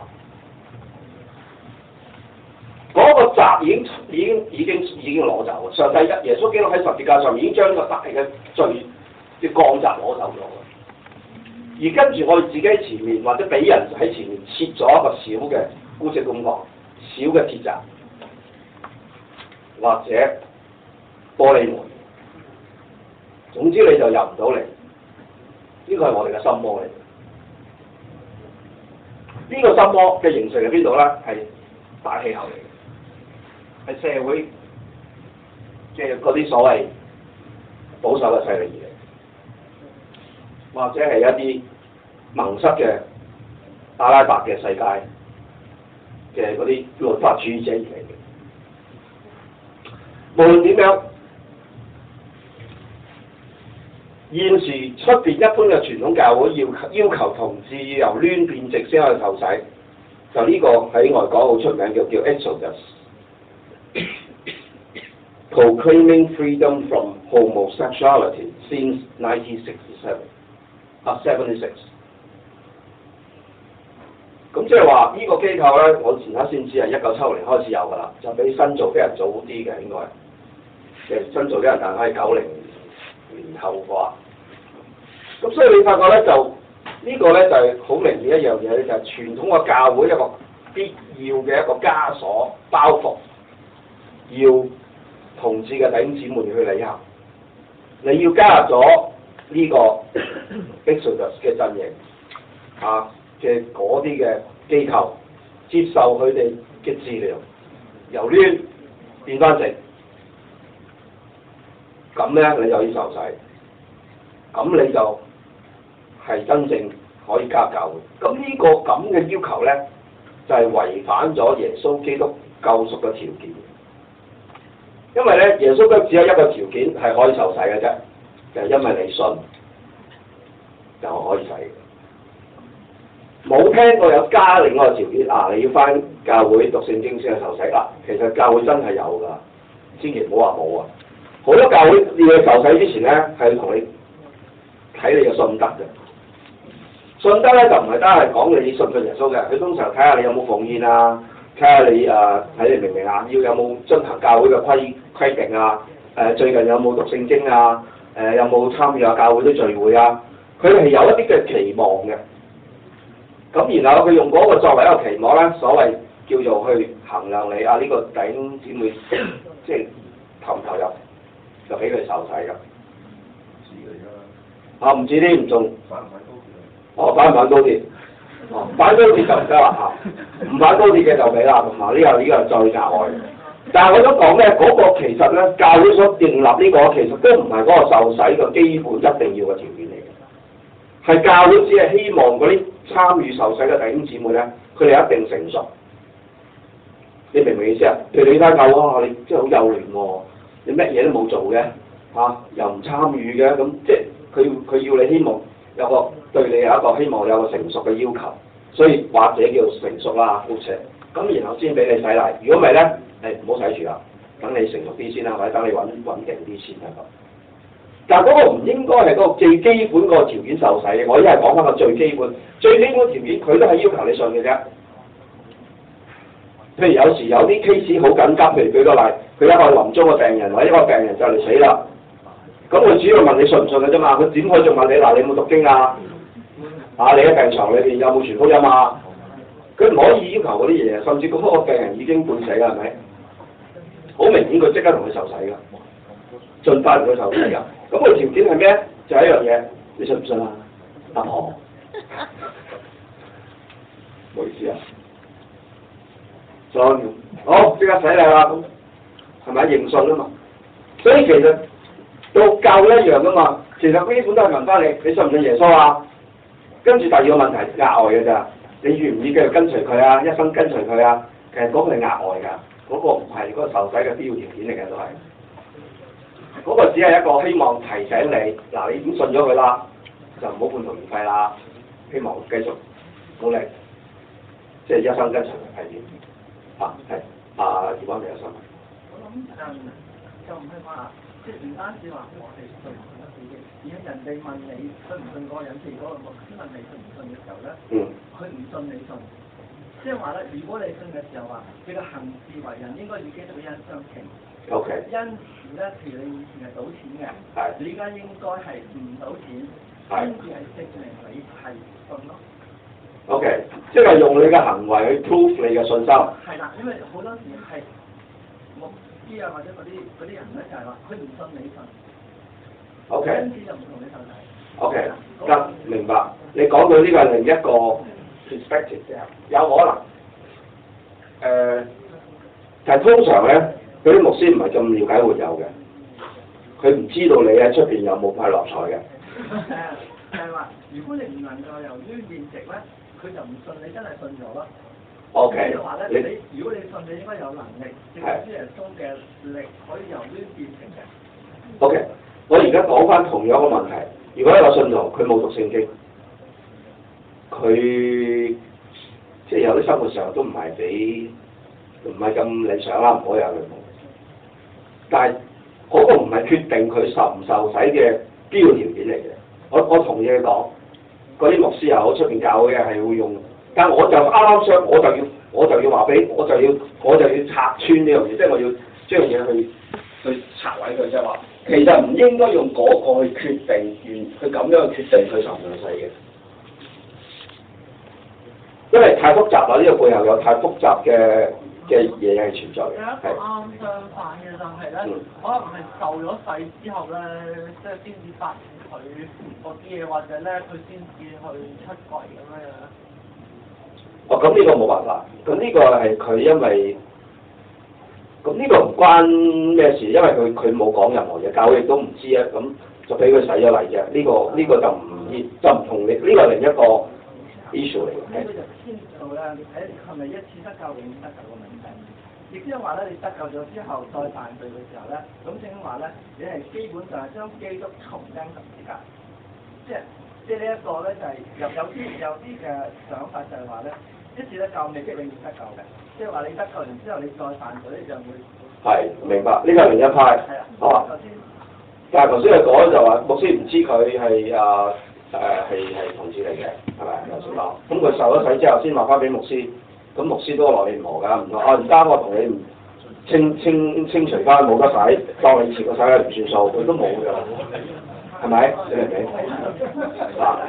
嗰、那個閘已經已經已經已經攞走。上帝一耶穌基督喺十字架上面已經將呢個大嘅罪。要降閘攞手到而跟住我哋自己喺前面，或者俾人喺前面設咗一個小嘅姑且講，小嘅鐵閘，或者玻璃門，總之你就入唔到嚟。呢、這個係我哋嘅心魔嚟嘅，呢、這個心魔嘅形成喺邊度咧？係大氣候嚟嘅，係社會，嘅嗰啲所謂保守嘅勢力。或者係一啲盲塞嘅阿拉伯嘅世界嘅嗰啲律法主義者嚟嘅，無論點樣，現時出邊一般嘅傳統教會要求要求同志要由攣變直先可以受洗，就呢個喺外國好出名叫叫 Exodus, [coughs] S, [coughs] Proclaiming Freedom from Homosexuality Since 1967。啊，seventy six，咁即係話呢個機構咧，我前一刻先知係一九七六年開始有噶啦，就比新造啲人早啲嘅，應該，即係新造啲人大概係九零年後啩，咁所以你發覺咧就呢個咧就係好明顯一樣嘢咧，就係、這個就是就是、傳統個教會一個必要嘅一個枷鎖包袱，要同志嘅弟兄姊妹去履行，你要加入咗。呢個 Exodus 嘅陣營啊，即嗰啲嘅機構接受佢哋嘅治療，由亂變返成。咁咧你就要受洗，咁你就係真正可以加救。咁呢個咁嘅要求咧，就係、是、違反咗耶穌基督救贖嘅條件，因為咧耶穌都只有一個條件係可以受洗嘅啫。就係因為你信，就可以使嘅。冇聽過有加另外條件啊！你要翻教會讀聖經先去受洗啦。其實教會真係有噶，千祈唔好話冇啊！好多教會你去受洗之前咧，係同你睇你嘅信德嘅。信德咧就唔係單係講你信唔信耶穌嘅，佢通常睇下你有冇奉獻啊，睇下你啊睇、呃、你明唔明啊，要有冇遵行教會嘅規規定啊，誒、呃、最近有冇讀聖經啊？誒、呃、有冇參與下教會啲聚會啊？佢係有一啲嘅期望嘅，咁、啊、然後佢用嗰個作為一個期望咧，所謂叫做去衡量你啊呢、呢個弟兄姊妹即係投唔投入，就俾佢受洗㗎。啊唔知啲唔中。反唔反高鐵？哦、這個，反唔反高鐵？哦反高鐵就唔得啦嚇，唔反高鐵嘅就俾啦，同埋呢又呢又再加開。但係我想講咩？嗰、那個其實咧，教會所建立呢、這個其實都唔係嗰個受洗嘅基本一定要嘅條件嚟嘅，係教會只係希望嗰啲參與受洗嘅弟兄姊妹咧，佢哋一定成熟。你明唔明意思啊？譬如你睇舊啦，你真係好幼嫩喎、啊，你乜嘢都冇做嘅，嚇、啊、又唔參與嘅，咁即係佢佢要你希望有個對你，個你有一個希望，有個成熟嘅要求，所以或者叫成熟啦、啊，好似。咁然後先俾你洗禮，如果唔係咧，誒唔好洗住啦，等你成熟啲先啦，或者等你穩穩定啲先啊咁。但係嗰個唔應該係嗰個最基本嗰個條件受洗嘅，我依家係講翻個最基本、最基本條件，佢都係要求你信嘅啫。譬如有時有啲 case 好緊急，譬如舉個例，佢一個臨終嘅病人，或者一個病人就嚟死啦，咁佢主要問你信唔信嘅啫嘛，佢點可以仲問你話你有冇讀經啊？啊，你喺病床裏邊有冇傳福音啊？佢唔可以要求嗰啲嘢，甚至嗰個病人已經半死啦，係咪？好明顯佢即刻同佢受洗噶盡快同佢受洗啊！咁、個條件係咩？就係、是、一樣嘢，你信唔信啊？得我，唔好意思啊。就，好即刻洗你啦，咁係咪認信啊嘛？所以其實到教一樣啊嘛，其實基本都係問翻你，你信唔信耶穌啊？跟住第二個問題，額外噶咋？你願唔願意繼續跟隨佢啊？一生跟隨佢啊？其實嗰個係額外㗎，嗰、嗰個唔係嗰個受洗嘅必要條件嚟嘅，都係嗰、嗰個只係一個希望提醒你，嗱，你已經信咗佢啦，就唔好半途而廢啦，希望繼續努力，即、就、係、是、一生跟隨係點？啊，係啊，葉哥你有冇？我諗就唔係話，即係唔單止話我哋。如果人哋問你信唔信嗰個人，譬如嗰個牧師問你信唔信嘅時候咧，嗯，佢唔信你信，即係話咧，如果你信嘅時候話，你個行事為人應該與己對人相稱。O K。因此咧，譬如你以前係賭錢嘅，係的，你依家應該係唔賭錢，跟住係證明你係信咯。O、okay. K，即係用你嘅行為去 prove 你嘅信心。係啦，因為好多時係牧師啊，或者嗰啲嗰啲人咧，就係話佢唔信你信。O K. O K. 好，明白。你講到呢個另一個 perspective，there. 有可能。誒、呃，但係通常咧，嗰啲牧師唔係咁了解會有嘅，佢唔知道你喺出邊有冇派六合彩嘅。係話，如果你唔能夠由於變直咧，佢就唔信你真係信咗啦。O K. 即係話咧，你如果你信，你應該有能力，即係啲人中嘅力可以由 gay 變直嘅。O、okay. K. 我而家講翻同樣嘅個問題，如果一個信徒佢冇讀聖經，佢即係有啲生活上都唔係比唔係咁理想啦，唔可以有佢。但係嗰個唔係決定佢受唔受洗嘅必要條件嚟嘅。我我同意你講，嗰啲牧師又好出邊教嘅係會用，但係我就啱啱上我就要我就要話俾我就要我就要拆穿呢樣嘢，即係我要將嘢去去拆毀佢啫嘛。即係話其實唔應該用嗰個去決定，原佢咁樣去決定佢受唔受洗嘅，因為太複雜啦。呢、這個背後有太複雜嘅嘅嘢係存在。有一啲啱相反嘅、就是，就係咧，可能係受咗洗之後咧，即係先至發現佢嗰啲嘢，或者咧佢先至去出櫃咁樣樣。哦，咁呢個冇辦法，咁呢個係佢因為。咁呢個唔關咩事，因為佢佢冇講任何嘢，教會亦都唔知啊，咁就俾佢使咗嚟嘅，呢、這個呢、這個就唔，就唔同你呢、這個另一個 issue 嚟嘅。呢個、嗯、就先到啦，你睇係咪一次得救永遠得救嘅問題？亦即係話咧，你得救咗之後再犯罪嘅時候咧，咁正話咧，你係基本上係將基督重新十字架。即係即係呢一個咧，就係、是、有有啲有啲嘅想法就係話咧，一次得救未必永遠得救嘅。即係話你得救完之後，你再犯罪你就會係明白，呢個係另一派，係的啊，好嘛才？但係頭先佢講就話牧師唔知佢係啊誒係係同志嚟嘅，係咪頭先講？咁佢受咗洗之後先話翻俾牧師，咁牧師都內力唔和㗎，唔和而家我同你清清清除翻冇得洗，當你以前個洗係唔算數，佢都冇㗎。 [laughs] 係咪？明唔明？大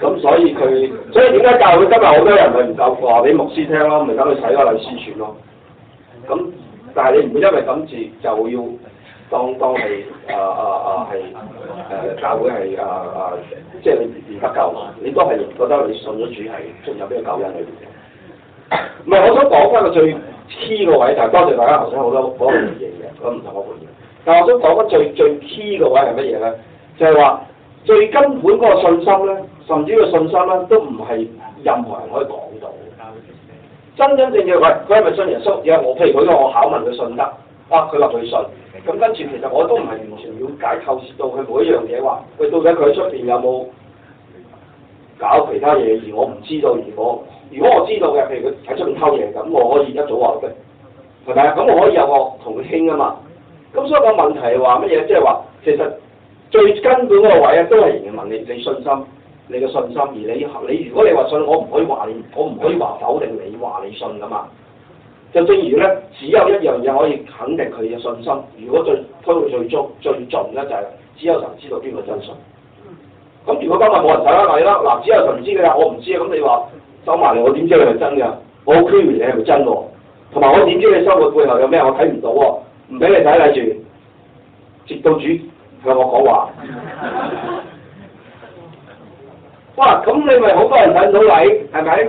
咁所以佢，所以點解教會今日好多人咪唔夠話俾牧師聽咯，咪等佢洗個禮施主咯？咁但係你唔會因為咁字就要當當係啊啊啊係誒教會係啊啊，即係唔唔得救，你都係覺得你信咗主係仲有邊個救恩裏邊嘅。唔係，我想講翻個最 key 個位，就多謝大家頭先好多好多唔同嘅嘢，唔同嘅回應。但係我想講翻最最 key 個位係乜嘢咧？就係話最根本嗰個信心咧，甚至個信心咧都唔係任何人可以講到。真真正正佢佢係咪信耶穌？而我譬如佢呢，我考問佢信得，哇、啊！佢立佢信。咁跟住其實我都唔係完全了解透徹到佢每一樣嘢。話佢到底佢喺出邊有冇搞其他嘢？而我唔知道。如果如果我知道嘅，譬如佢喺出邊偷嘢，咁我可以一早話，得係咪？咁我可以有我同佢傾啊嘛。咁所以個問題係話乜嘢？即係話其實。最根本嗰個位啊，都係人哋問你，你信心，你嘅信心。而你，你如果你話信我，唔可以話你，我唔可以話否定你話你信噶嘛。就正如咧，只有一樣嘢可以肯定佢嘅信心。如果最推到最終最盡咧、就是，就係只有神知道邊個真信。咁、嗯、如果今日冇人睇啦，咪啦，嗱，只有神知你嘅，我唔知啊。咁你話收埋嚟，我點知你係真嘅？我 claim 你係咪真㗎？同埋我點知你生活嘅背後有咩？我睇唔到、啊，唔俾你睇住，直到主。有我講話， [laughs] 哇！咁你咪好多人睇唔到你？係咪？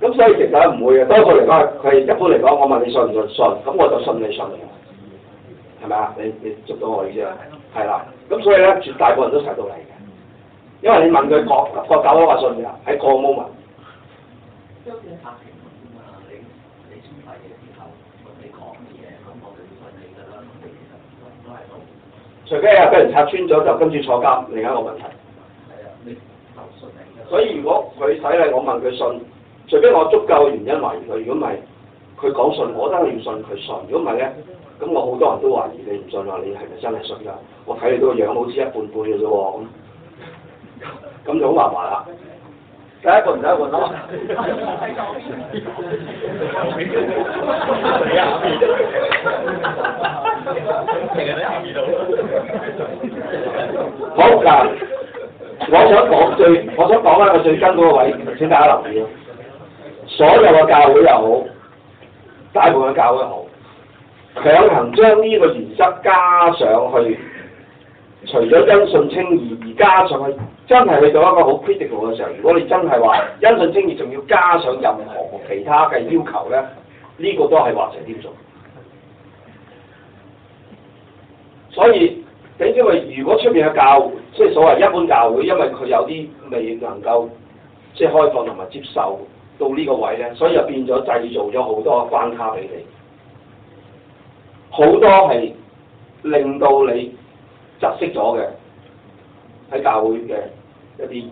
咁所以其實唔會嘅，多數嚟講，佢一般嚟講，我問你信唔信？信。咁我就信你信你，係咪啊？你你捉到我意思啊？係啦，咁所以咧，絕大部分人都睇到你嘅，因為你問佢個個狗都話信嘅，喺個 moment。除非又俾人拆穿咗，就跟住坐監。另一個問題，係啊，所以如果佢使脷，我問佢信。除非我足夠嘅原因懷疑佢。如果唔係，佢講信，我真係要信佢信。如果唔係咧，咁我好多人都懷疑你唔信話你係咪真係信㗎？我睇你個樣好似一半半嘅啫喎，咁咁就好麻煩啦。第一個唔使換啦。 [laughs] 好嗱，我想講最，我想講咧，我最跟嗰個位，請大家留意。所有嘅教會又好，大部分教會好，強行將呢個原則加上去，除咗因信稱義，而加上去，真係去到一個好 critical 嘅時候。如果你真係話因信稱義，仲要加上任何其他嘅要求咧，呢、這個都係話成偏做。所以，你因為如果出面嘅教，即係所謂一般教會，因為佢有啲未能夠即係開放同埋接受到呢個位咧，所以又變咗製造咗好多關卡俾你，好多係令到你窒息咗嘅喺教會嘅一啲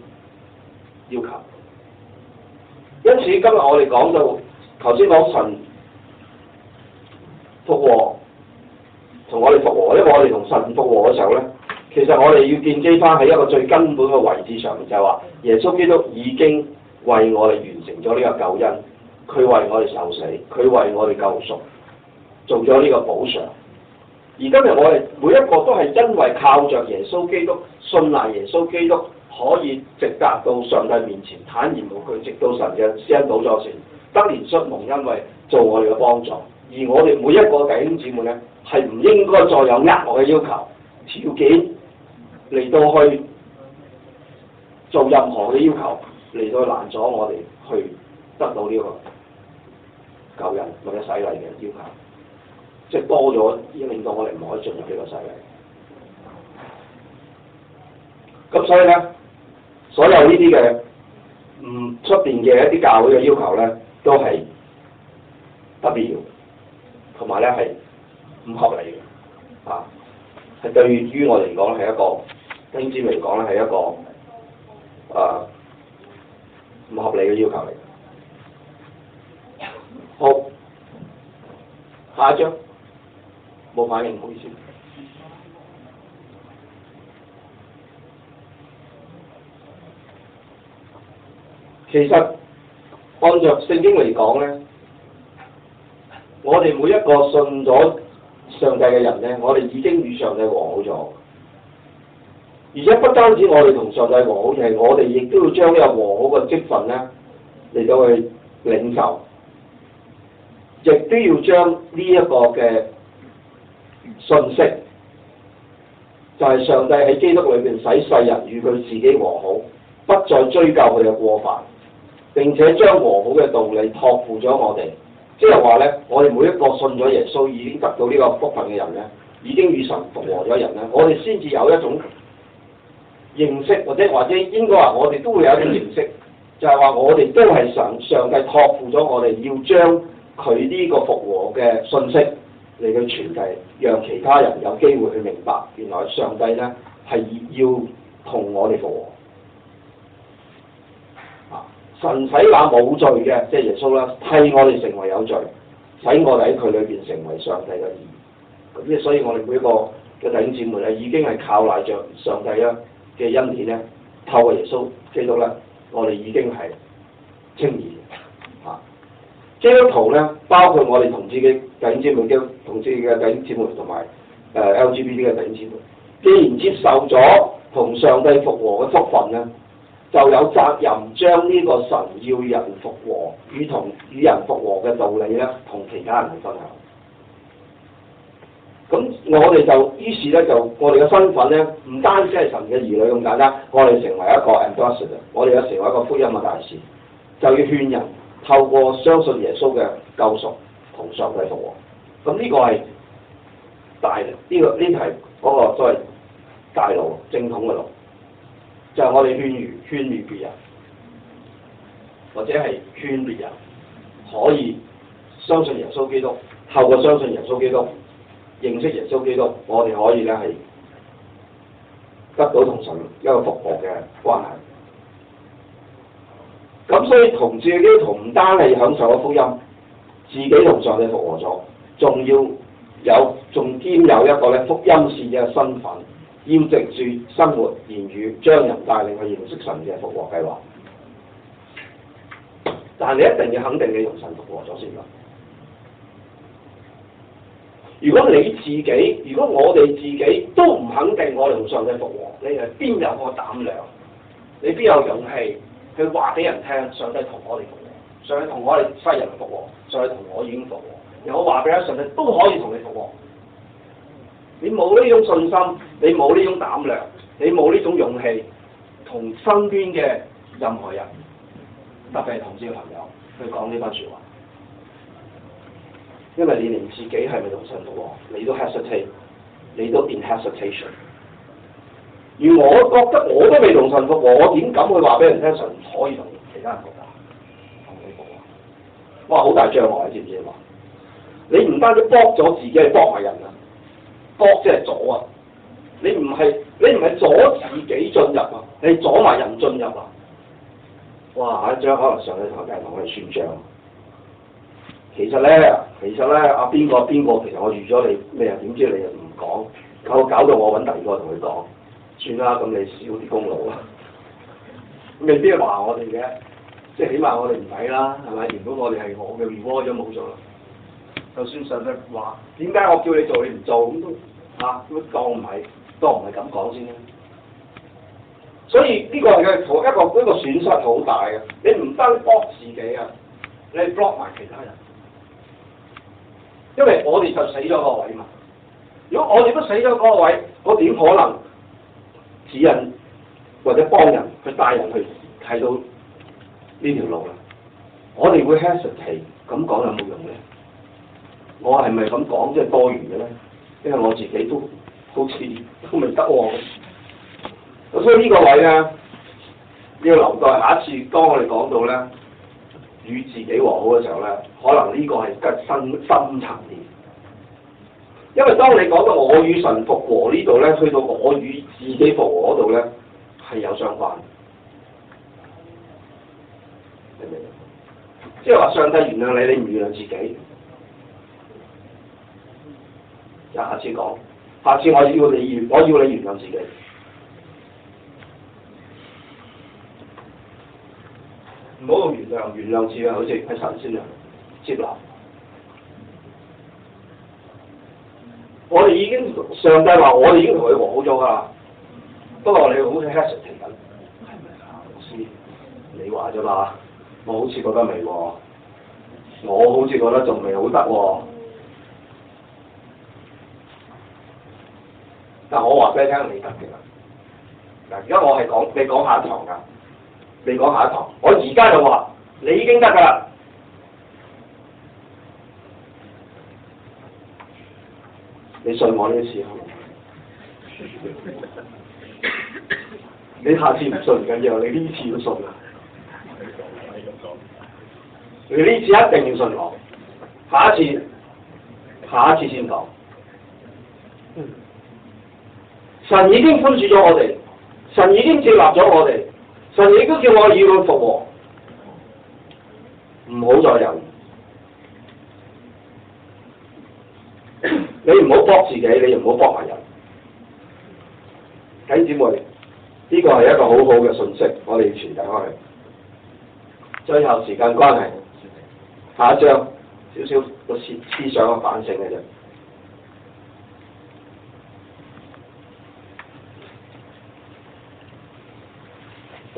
要求。因此今日我哋講到頭先講神復和。同我哋復和，因為我哋同神復和嘅時候咧，其實我哋要建基翻喺一個最根本嘅位置上面，就係、是、話耶穌基督已經為我哋完成咗呢個救恩，佢為我哋受死，佢為我哋救贖做咗呢個補償。而今日我哋每一個都係因為靠着耶穌基督，信賴耶穌基督，可以直達到上帝面前，坦然無懼，直到神嘅神寶座前得憐恤蒙恩惠做我哋嘅幫助。而我哋每一個弟兄姊妹咧，係唔應該再有呃我嘅要求條件嚟到去做任何嘅要求，嚟到難阻我哋去得到呢個救人或者洗禮嘅要求，即係多咗，已經令到我哋唔可以進入呢個洗禮。咁所以咧，所有呢啲嘅唔出邊嘅一啲教會嘅要求咧，都係特別要。同埋咧係唔合理嘅，啊，係對於我嚟講係一個，聽之嚟講咧係一個，誒、啊、唔合理嘅要求嚟。好，下一張，冇反應，唔好意思。其實，按着聖經嚟講咧。我哋每一個信咗上帝嘅人咧，我哋已經與上帝和好咗。而且不單止我哋同上帝和好，其實我哋亦都要將呢個和好嘅積分咧嚟到去領受，亦都要將呢一個嘅信息，就係上帝喺基督裏邊使世人與佢自己和好，不再追究佢嘅過犯，並且將和好嘅道理託付咗我哋。即係話咧，我哋每一個信咗耶穌已經得到呢個福分嘅人咧，已經與神復和咗人咧，我哋先至有一種認識，或者或者應該話我哋都會有一種認識，就係、是、話我哋都係神上，上帝託付咗我哋要將佢呢個復和嘅信息嚟去傳遞，讓其他人有機會去明白，原來上帝咧係要同我哋復和。神使那冇罪嘅，即係耶穌啦，替我哋成為有罪，使我哋喺佢裏邊成為上帝嘅義。咁即係所以我哋每一個嘅弟兄姊妹咧，已經係靠賴着上帝啊嘅恩典咧，透過耶穌基督啦，我哋已經係稱義啊！即係呢個咧，包括我哋同志嘅弟兄姊妹，嘅同志嘅弟兄姊妹同埋誒 LGBT 嘅弟兄姊妹，既然接受咗同上帝復和嘅福分啊！就有責任將呢個神要人復和，與同與人復和嘅道理咧，同其他人去分享。咁我哋就於是咧，就我哋嘅身份咧，唔單止係神嘅兒女咁簡單，我哋成為一個 ambassador，我哋有成，成為一個福音嘅大使，就要勸人透過相信耶穌嘅救贖同上帝復和。咁呢個係大呢、這個呢、這個係嗰個所謂大路正統嘅路。就係我哋勸喻勸喻別人，或者係勸別人可以相信耶穌基督，透過相信耶穌基督認識耶穌基督，我哋可以咧係得到同神一個復和嘅關係。咁所以同志嘅基督徒唔單係享受嘅福音，自己同上帝復和咗，仲要有仲兼有一個咧福音士嘅身份。要藉住生活言語將人帶領去認識神嘅復和計劃，但你一定要肯定你用神復和咗先啦。如果你自己，如果我哋自己都唔肯定我哋同上帝復和，你係邊有個膽量？你邊有勇氣去話俾人聽上帝同我哋復和，上帝同我哋西人復和，上帝同我已經復和，然後我話俾阿上帝都可以同你復和。」你冇呢種信心，你冇呢種膽量，你冇呢種勇氣，同身邊嘅任何人，特別係同志嘅朋友去講呢番説話，因為你連自己係咪同神復和喎，你都 hesitate，你都連 hesitation。而我覺得我都未同神復和，我點敢去話俾人聽神可以同其他人講啊，同呢個啊，哇好大障礙你知唔知啊、嗯？你唔單止 block 咗自己，係 block 埋人啊！多即係阻啊！你唔係你唔係阻自己進入啊，你阻埋人進入啊！哇！下一張可能上一堂嘅同我哋算賬、啊。其實咧，其實咧，阿、啊、邊個邊個，其實我預咗你咩啊？點知你又唔講，搞搞到我揾第二個同佢講，算啦，咁你少啲功勞啦。 [laughs] 未必話我哋嘅，即係起碼我哋唔使啦，係咪？原本我哋係我嘅面開咗冇咗啦。就算上帝話，點解我叫你做你唔做，咁都嚇，佢、啊、當唔係，當唔係咁講先咧。所以呢個嘅一個一個損失好大嘅，你唔單幫自己啊，你幫埋其他人，因為我哋就死咗個位嘛。如果我哋都死咗嗰個位，我點可能指引或者幫人去帶人去睇到呢條路咧？我哋會 hesitate 咁講有冇用咧？我係咪咁講，即係多餘嘅咧？因為我自己都好似都，都未得，咁所以呢個位咧要留待下一次當我哋講到咧與自己和好嘅時候咧，可能呢個係更深深層面，因為當你講到我與神復和呢度咧，去到我與自己復和嗰度咧係有相關，明唔明？即係話上帝原諒你，你唔原諒自己。下次講，下次我要你我要你原諒自己，唔好用原諒，原諒字啊，好似係神仙啊，接納。我哋已經上帝話，我哋已經同佢和好咗噶啦。不過你好似 hesitating 緊。係咪啊，老師？你話啫嘛，我好似覺得未喎，我好似覺得仲未好得喎。嗱我話俾你聽，你得嘅啦。嗱，而家我係講你講下一堂㗎，你講下一堂。我而家就話你已經得㗎啦，你信我呢次啊？ [laughs] 你下次唔信唔緊要，你呢次要信啊！你呢次一定要信我，下一次下一次先講。神已經吩咐咗我哋，神已經設立咗我哋，神亦都叫我與佢復和，唔好再猶豫。 [coughs] 你唔好駁自己，你唔好駁埋人。弟兄們，呢、這個係一個好好嘅信息，我哋要傳遞開嚟。最後時間關係，下一章少少個思思想嘅反省嘅啫。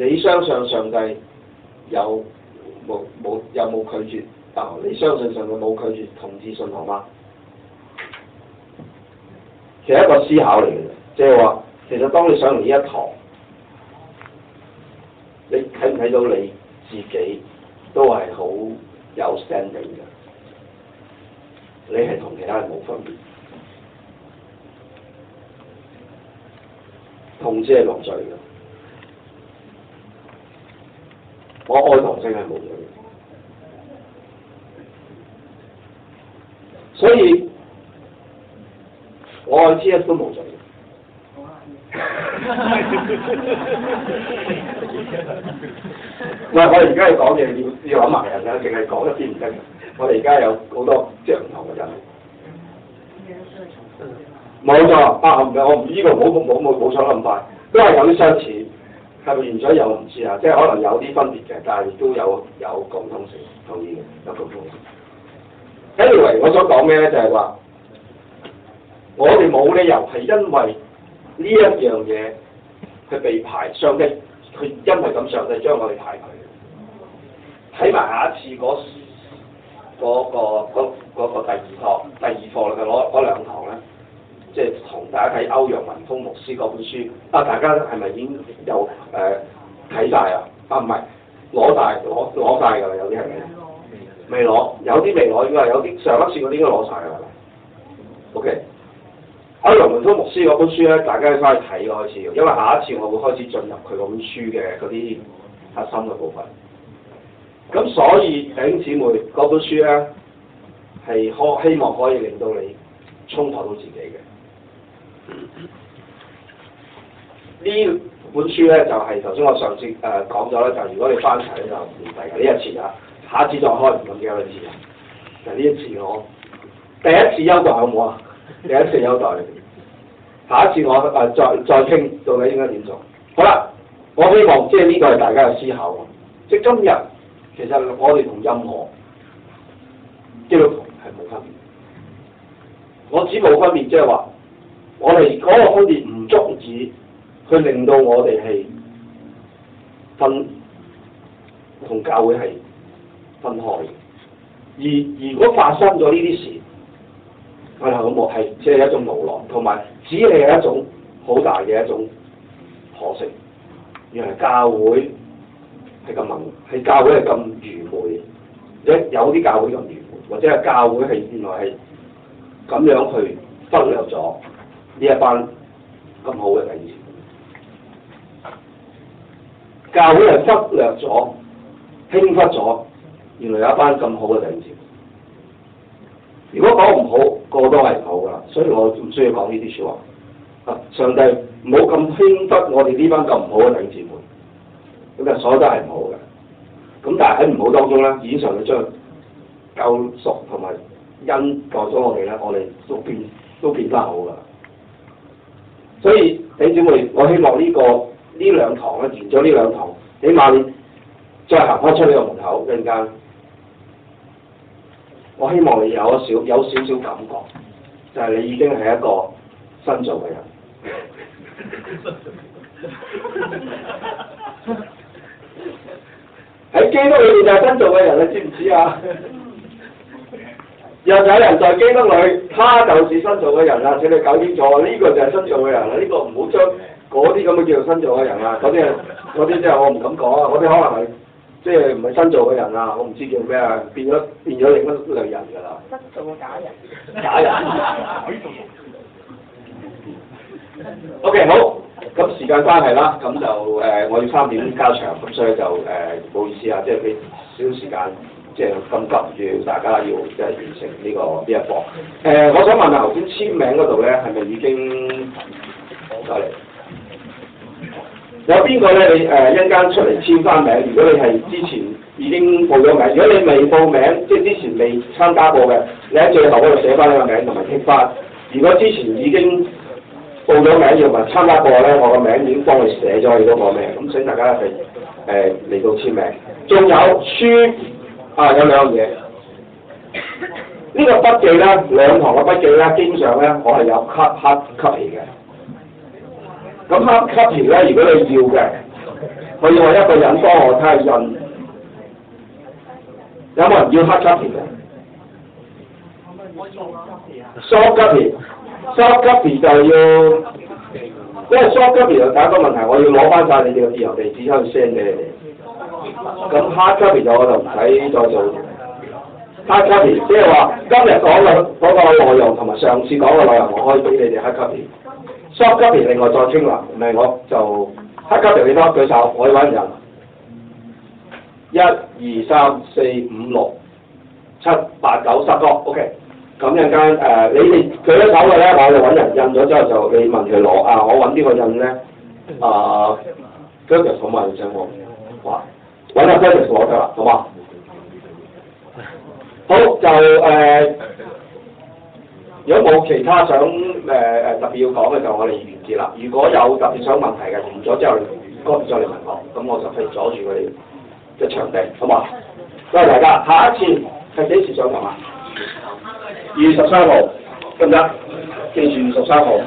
你相信上帝有冇冇有冇拒絕啊、哦？你相信上帝冇拒絕同志信行嗎？其實一個思考嚟嘅啫，即係話，其實當你上完呢一堂，你睇唔睇到你自己都係好有 standing 嘅，你係同其他人冇分別，同志係冇罪嘅。我愛同性係冇錯嘅，所以我係 T S 都冇咗嘅。我而家係講嘢，係要諗埋人嘅，淨係講一啲唔得。我哋而家有好多即係唔同嘅人。冇錯，啊，我唔知個冇冇冇冇想咁快，都係咁啲相似。係咪原罪又唔知啊？即係可能有啲分別嘅，但係亦都有有共通性，同意有共通性。Anyway，我想講咩咧？就係、是、話，我哋冇理由係因為呢一樣嘢佢被排，上帝佢因為咁上帝將我哋排佢。睇埋下一次嗰嗰、那個那個那個那個第二課第二課，你哋攞兩堂咧。即係同大家睇歐陽文通牧師嗰本書。啊大家係咪已經有誒睇晒啊？啊唔係攞晒，攞攞曬㗎啦，有啲係咪？未攞拿，有啲未攞，應該有啲上一次嗰啲應該攞曬啦係咪？OK 歐陽文通牧師嗰本書咧，大家要翻去睇開始，因為下一次我會開始進入佢嗰本書嘅嗰啲核心嘅部分。咁所以頂姊妹嗰本書咧係可希望可以令到你沖破到自己嘅。呢本書咧就係頭先我上次誒、呃、講咗咧，就是、如果你翻查咧就唔方便。呢一次啊，下次再開唔同嘅位置啊。就呢一次我第一次優待好唔好啊？第一次優待，下一次我誒、呃、再再傾到底應該點做？好啦，我希望即係呢個係大家嘅思考。即係今日其實我哋同任何基督徒係冇分別。我只冇分別即係話。我哋嗰，那個分別唔足以去令到我哋係分同教會係分開，而如果發生咗呢啲事，我哋係冇係只係一種無奈，同埋只係係一種好大嘅一種可惜。原來教會係咁蒙，係教會係咁愚昧。有有啲教會咁愚昧，或者係教會係原來係咁樣去忽略咗。呢一班咁好嘅弟兄，教會係忽略咗、輕忽咗，原來有一班咁好嘅弟兄。如果講唔好，個個都係唔好噶啦，所以我唔需要講呢啲説話。上帝唔好咁輕忽我哋呢班咁唔好嘅弟兄們，咁就所有都係唔好嘅。咁但係喺唔好當中咧，以上嘅將救贖同埋因救咗我哋咧，我哋都變都變翻好噶。所以喺姐妹，我希望呢、這個呢兩堂咧完咗呢兩堂，起碼你再行返出呢個門口，一陣間，我希望你有少有少少感覺，就係、是、你已經係一個新造嘅人。喺 [laughs] [laughs] 基督裏面就係新造嘅人，你知唔知啊？又有人在基督裏，他就是新造嘅人啦。請你搞清楚，呢、這個就係新造嘅人啦。呢、這個唔好將嗰啲咁嘅叫做新造嘅人啊。嗰啲啊，啲即係我唔敢講啊。嗰啲可能係即係唔係新造嘅人啊。我唔知叫咩啊。變咗變咗另一類人㗎啦。新造嘅假人，假人。 [laughs] o、okay, K 好，咁時間關係啦，咁就誒、呃、我要三點交場，咁所以就唔、呃、好意思啊，即係俾少少時間。即係咁急住，大家要即係完成呢、這個呢一課。誒、呃，我想問下頭先簽名嗰度咧，係咪已經攞嚟？有邊個咧？你誒一陣間出嚟簽翻名。如果你係之前已經報咗名，如果你未報名，即係之前未參加過嘅，你喺最後嗰度寫翻你個名同埋貼翻。如果之前已經報咗名又唔係參加過咧，我個名已經幫你寫咗喺嗰個咩？咁請大家係誒嚟到簽名。仲有書。啊！有兩樣嘢，這個、筆呢個筆記咧，兩堂嘅筆記咧，經常咧，我係有 hard hard copy 嘅。咁 hard copy 咧，如果你要嘅，我要我一個人幫我睇下印。有冇人要 hard copy 嘅？soft copy，soft copy 就要，因為 soft copy 就第一個問題，我要攞翻晒你哋嘅自由地址出去 send 畀你哋。咁 hard copy, copy 就我就唔使再做 hard copy，即係話今日講嘅嗰個內容同埋上次講嘅內容，我可以俾你哋 hard copy。soft copy 另外再清啦，唔係我就 hard copy 你多舉手，我可以搵人。一、二、三、四、五、六、七、八、九、十個，OK。咁一陣間誒，uh, 你哋舉手嘅咧，我哋搵人印咗之後就你問佢攞啊，我搵呢個印咧啊，George 可唔可我？Uh, 搵阿 Grace 啦，好嘛？好就誒、呃，如果冇其他想誒誒、呃、特別要講嘅就我哋完結啦。如果有特別想問題嘅，完咗之後，哥再嚟問我，咁我就可以阻住佢哋嘅場地，好嘛？多謝，大家下一次係幾時上堂啊？二月十三號得唔得？記住二十三號。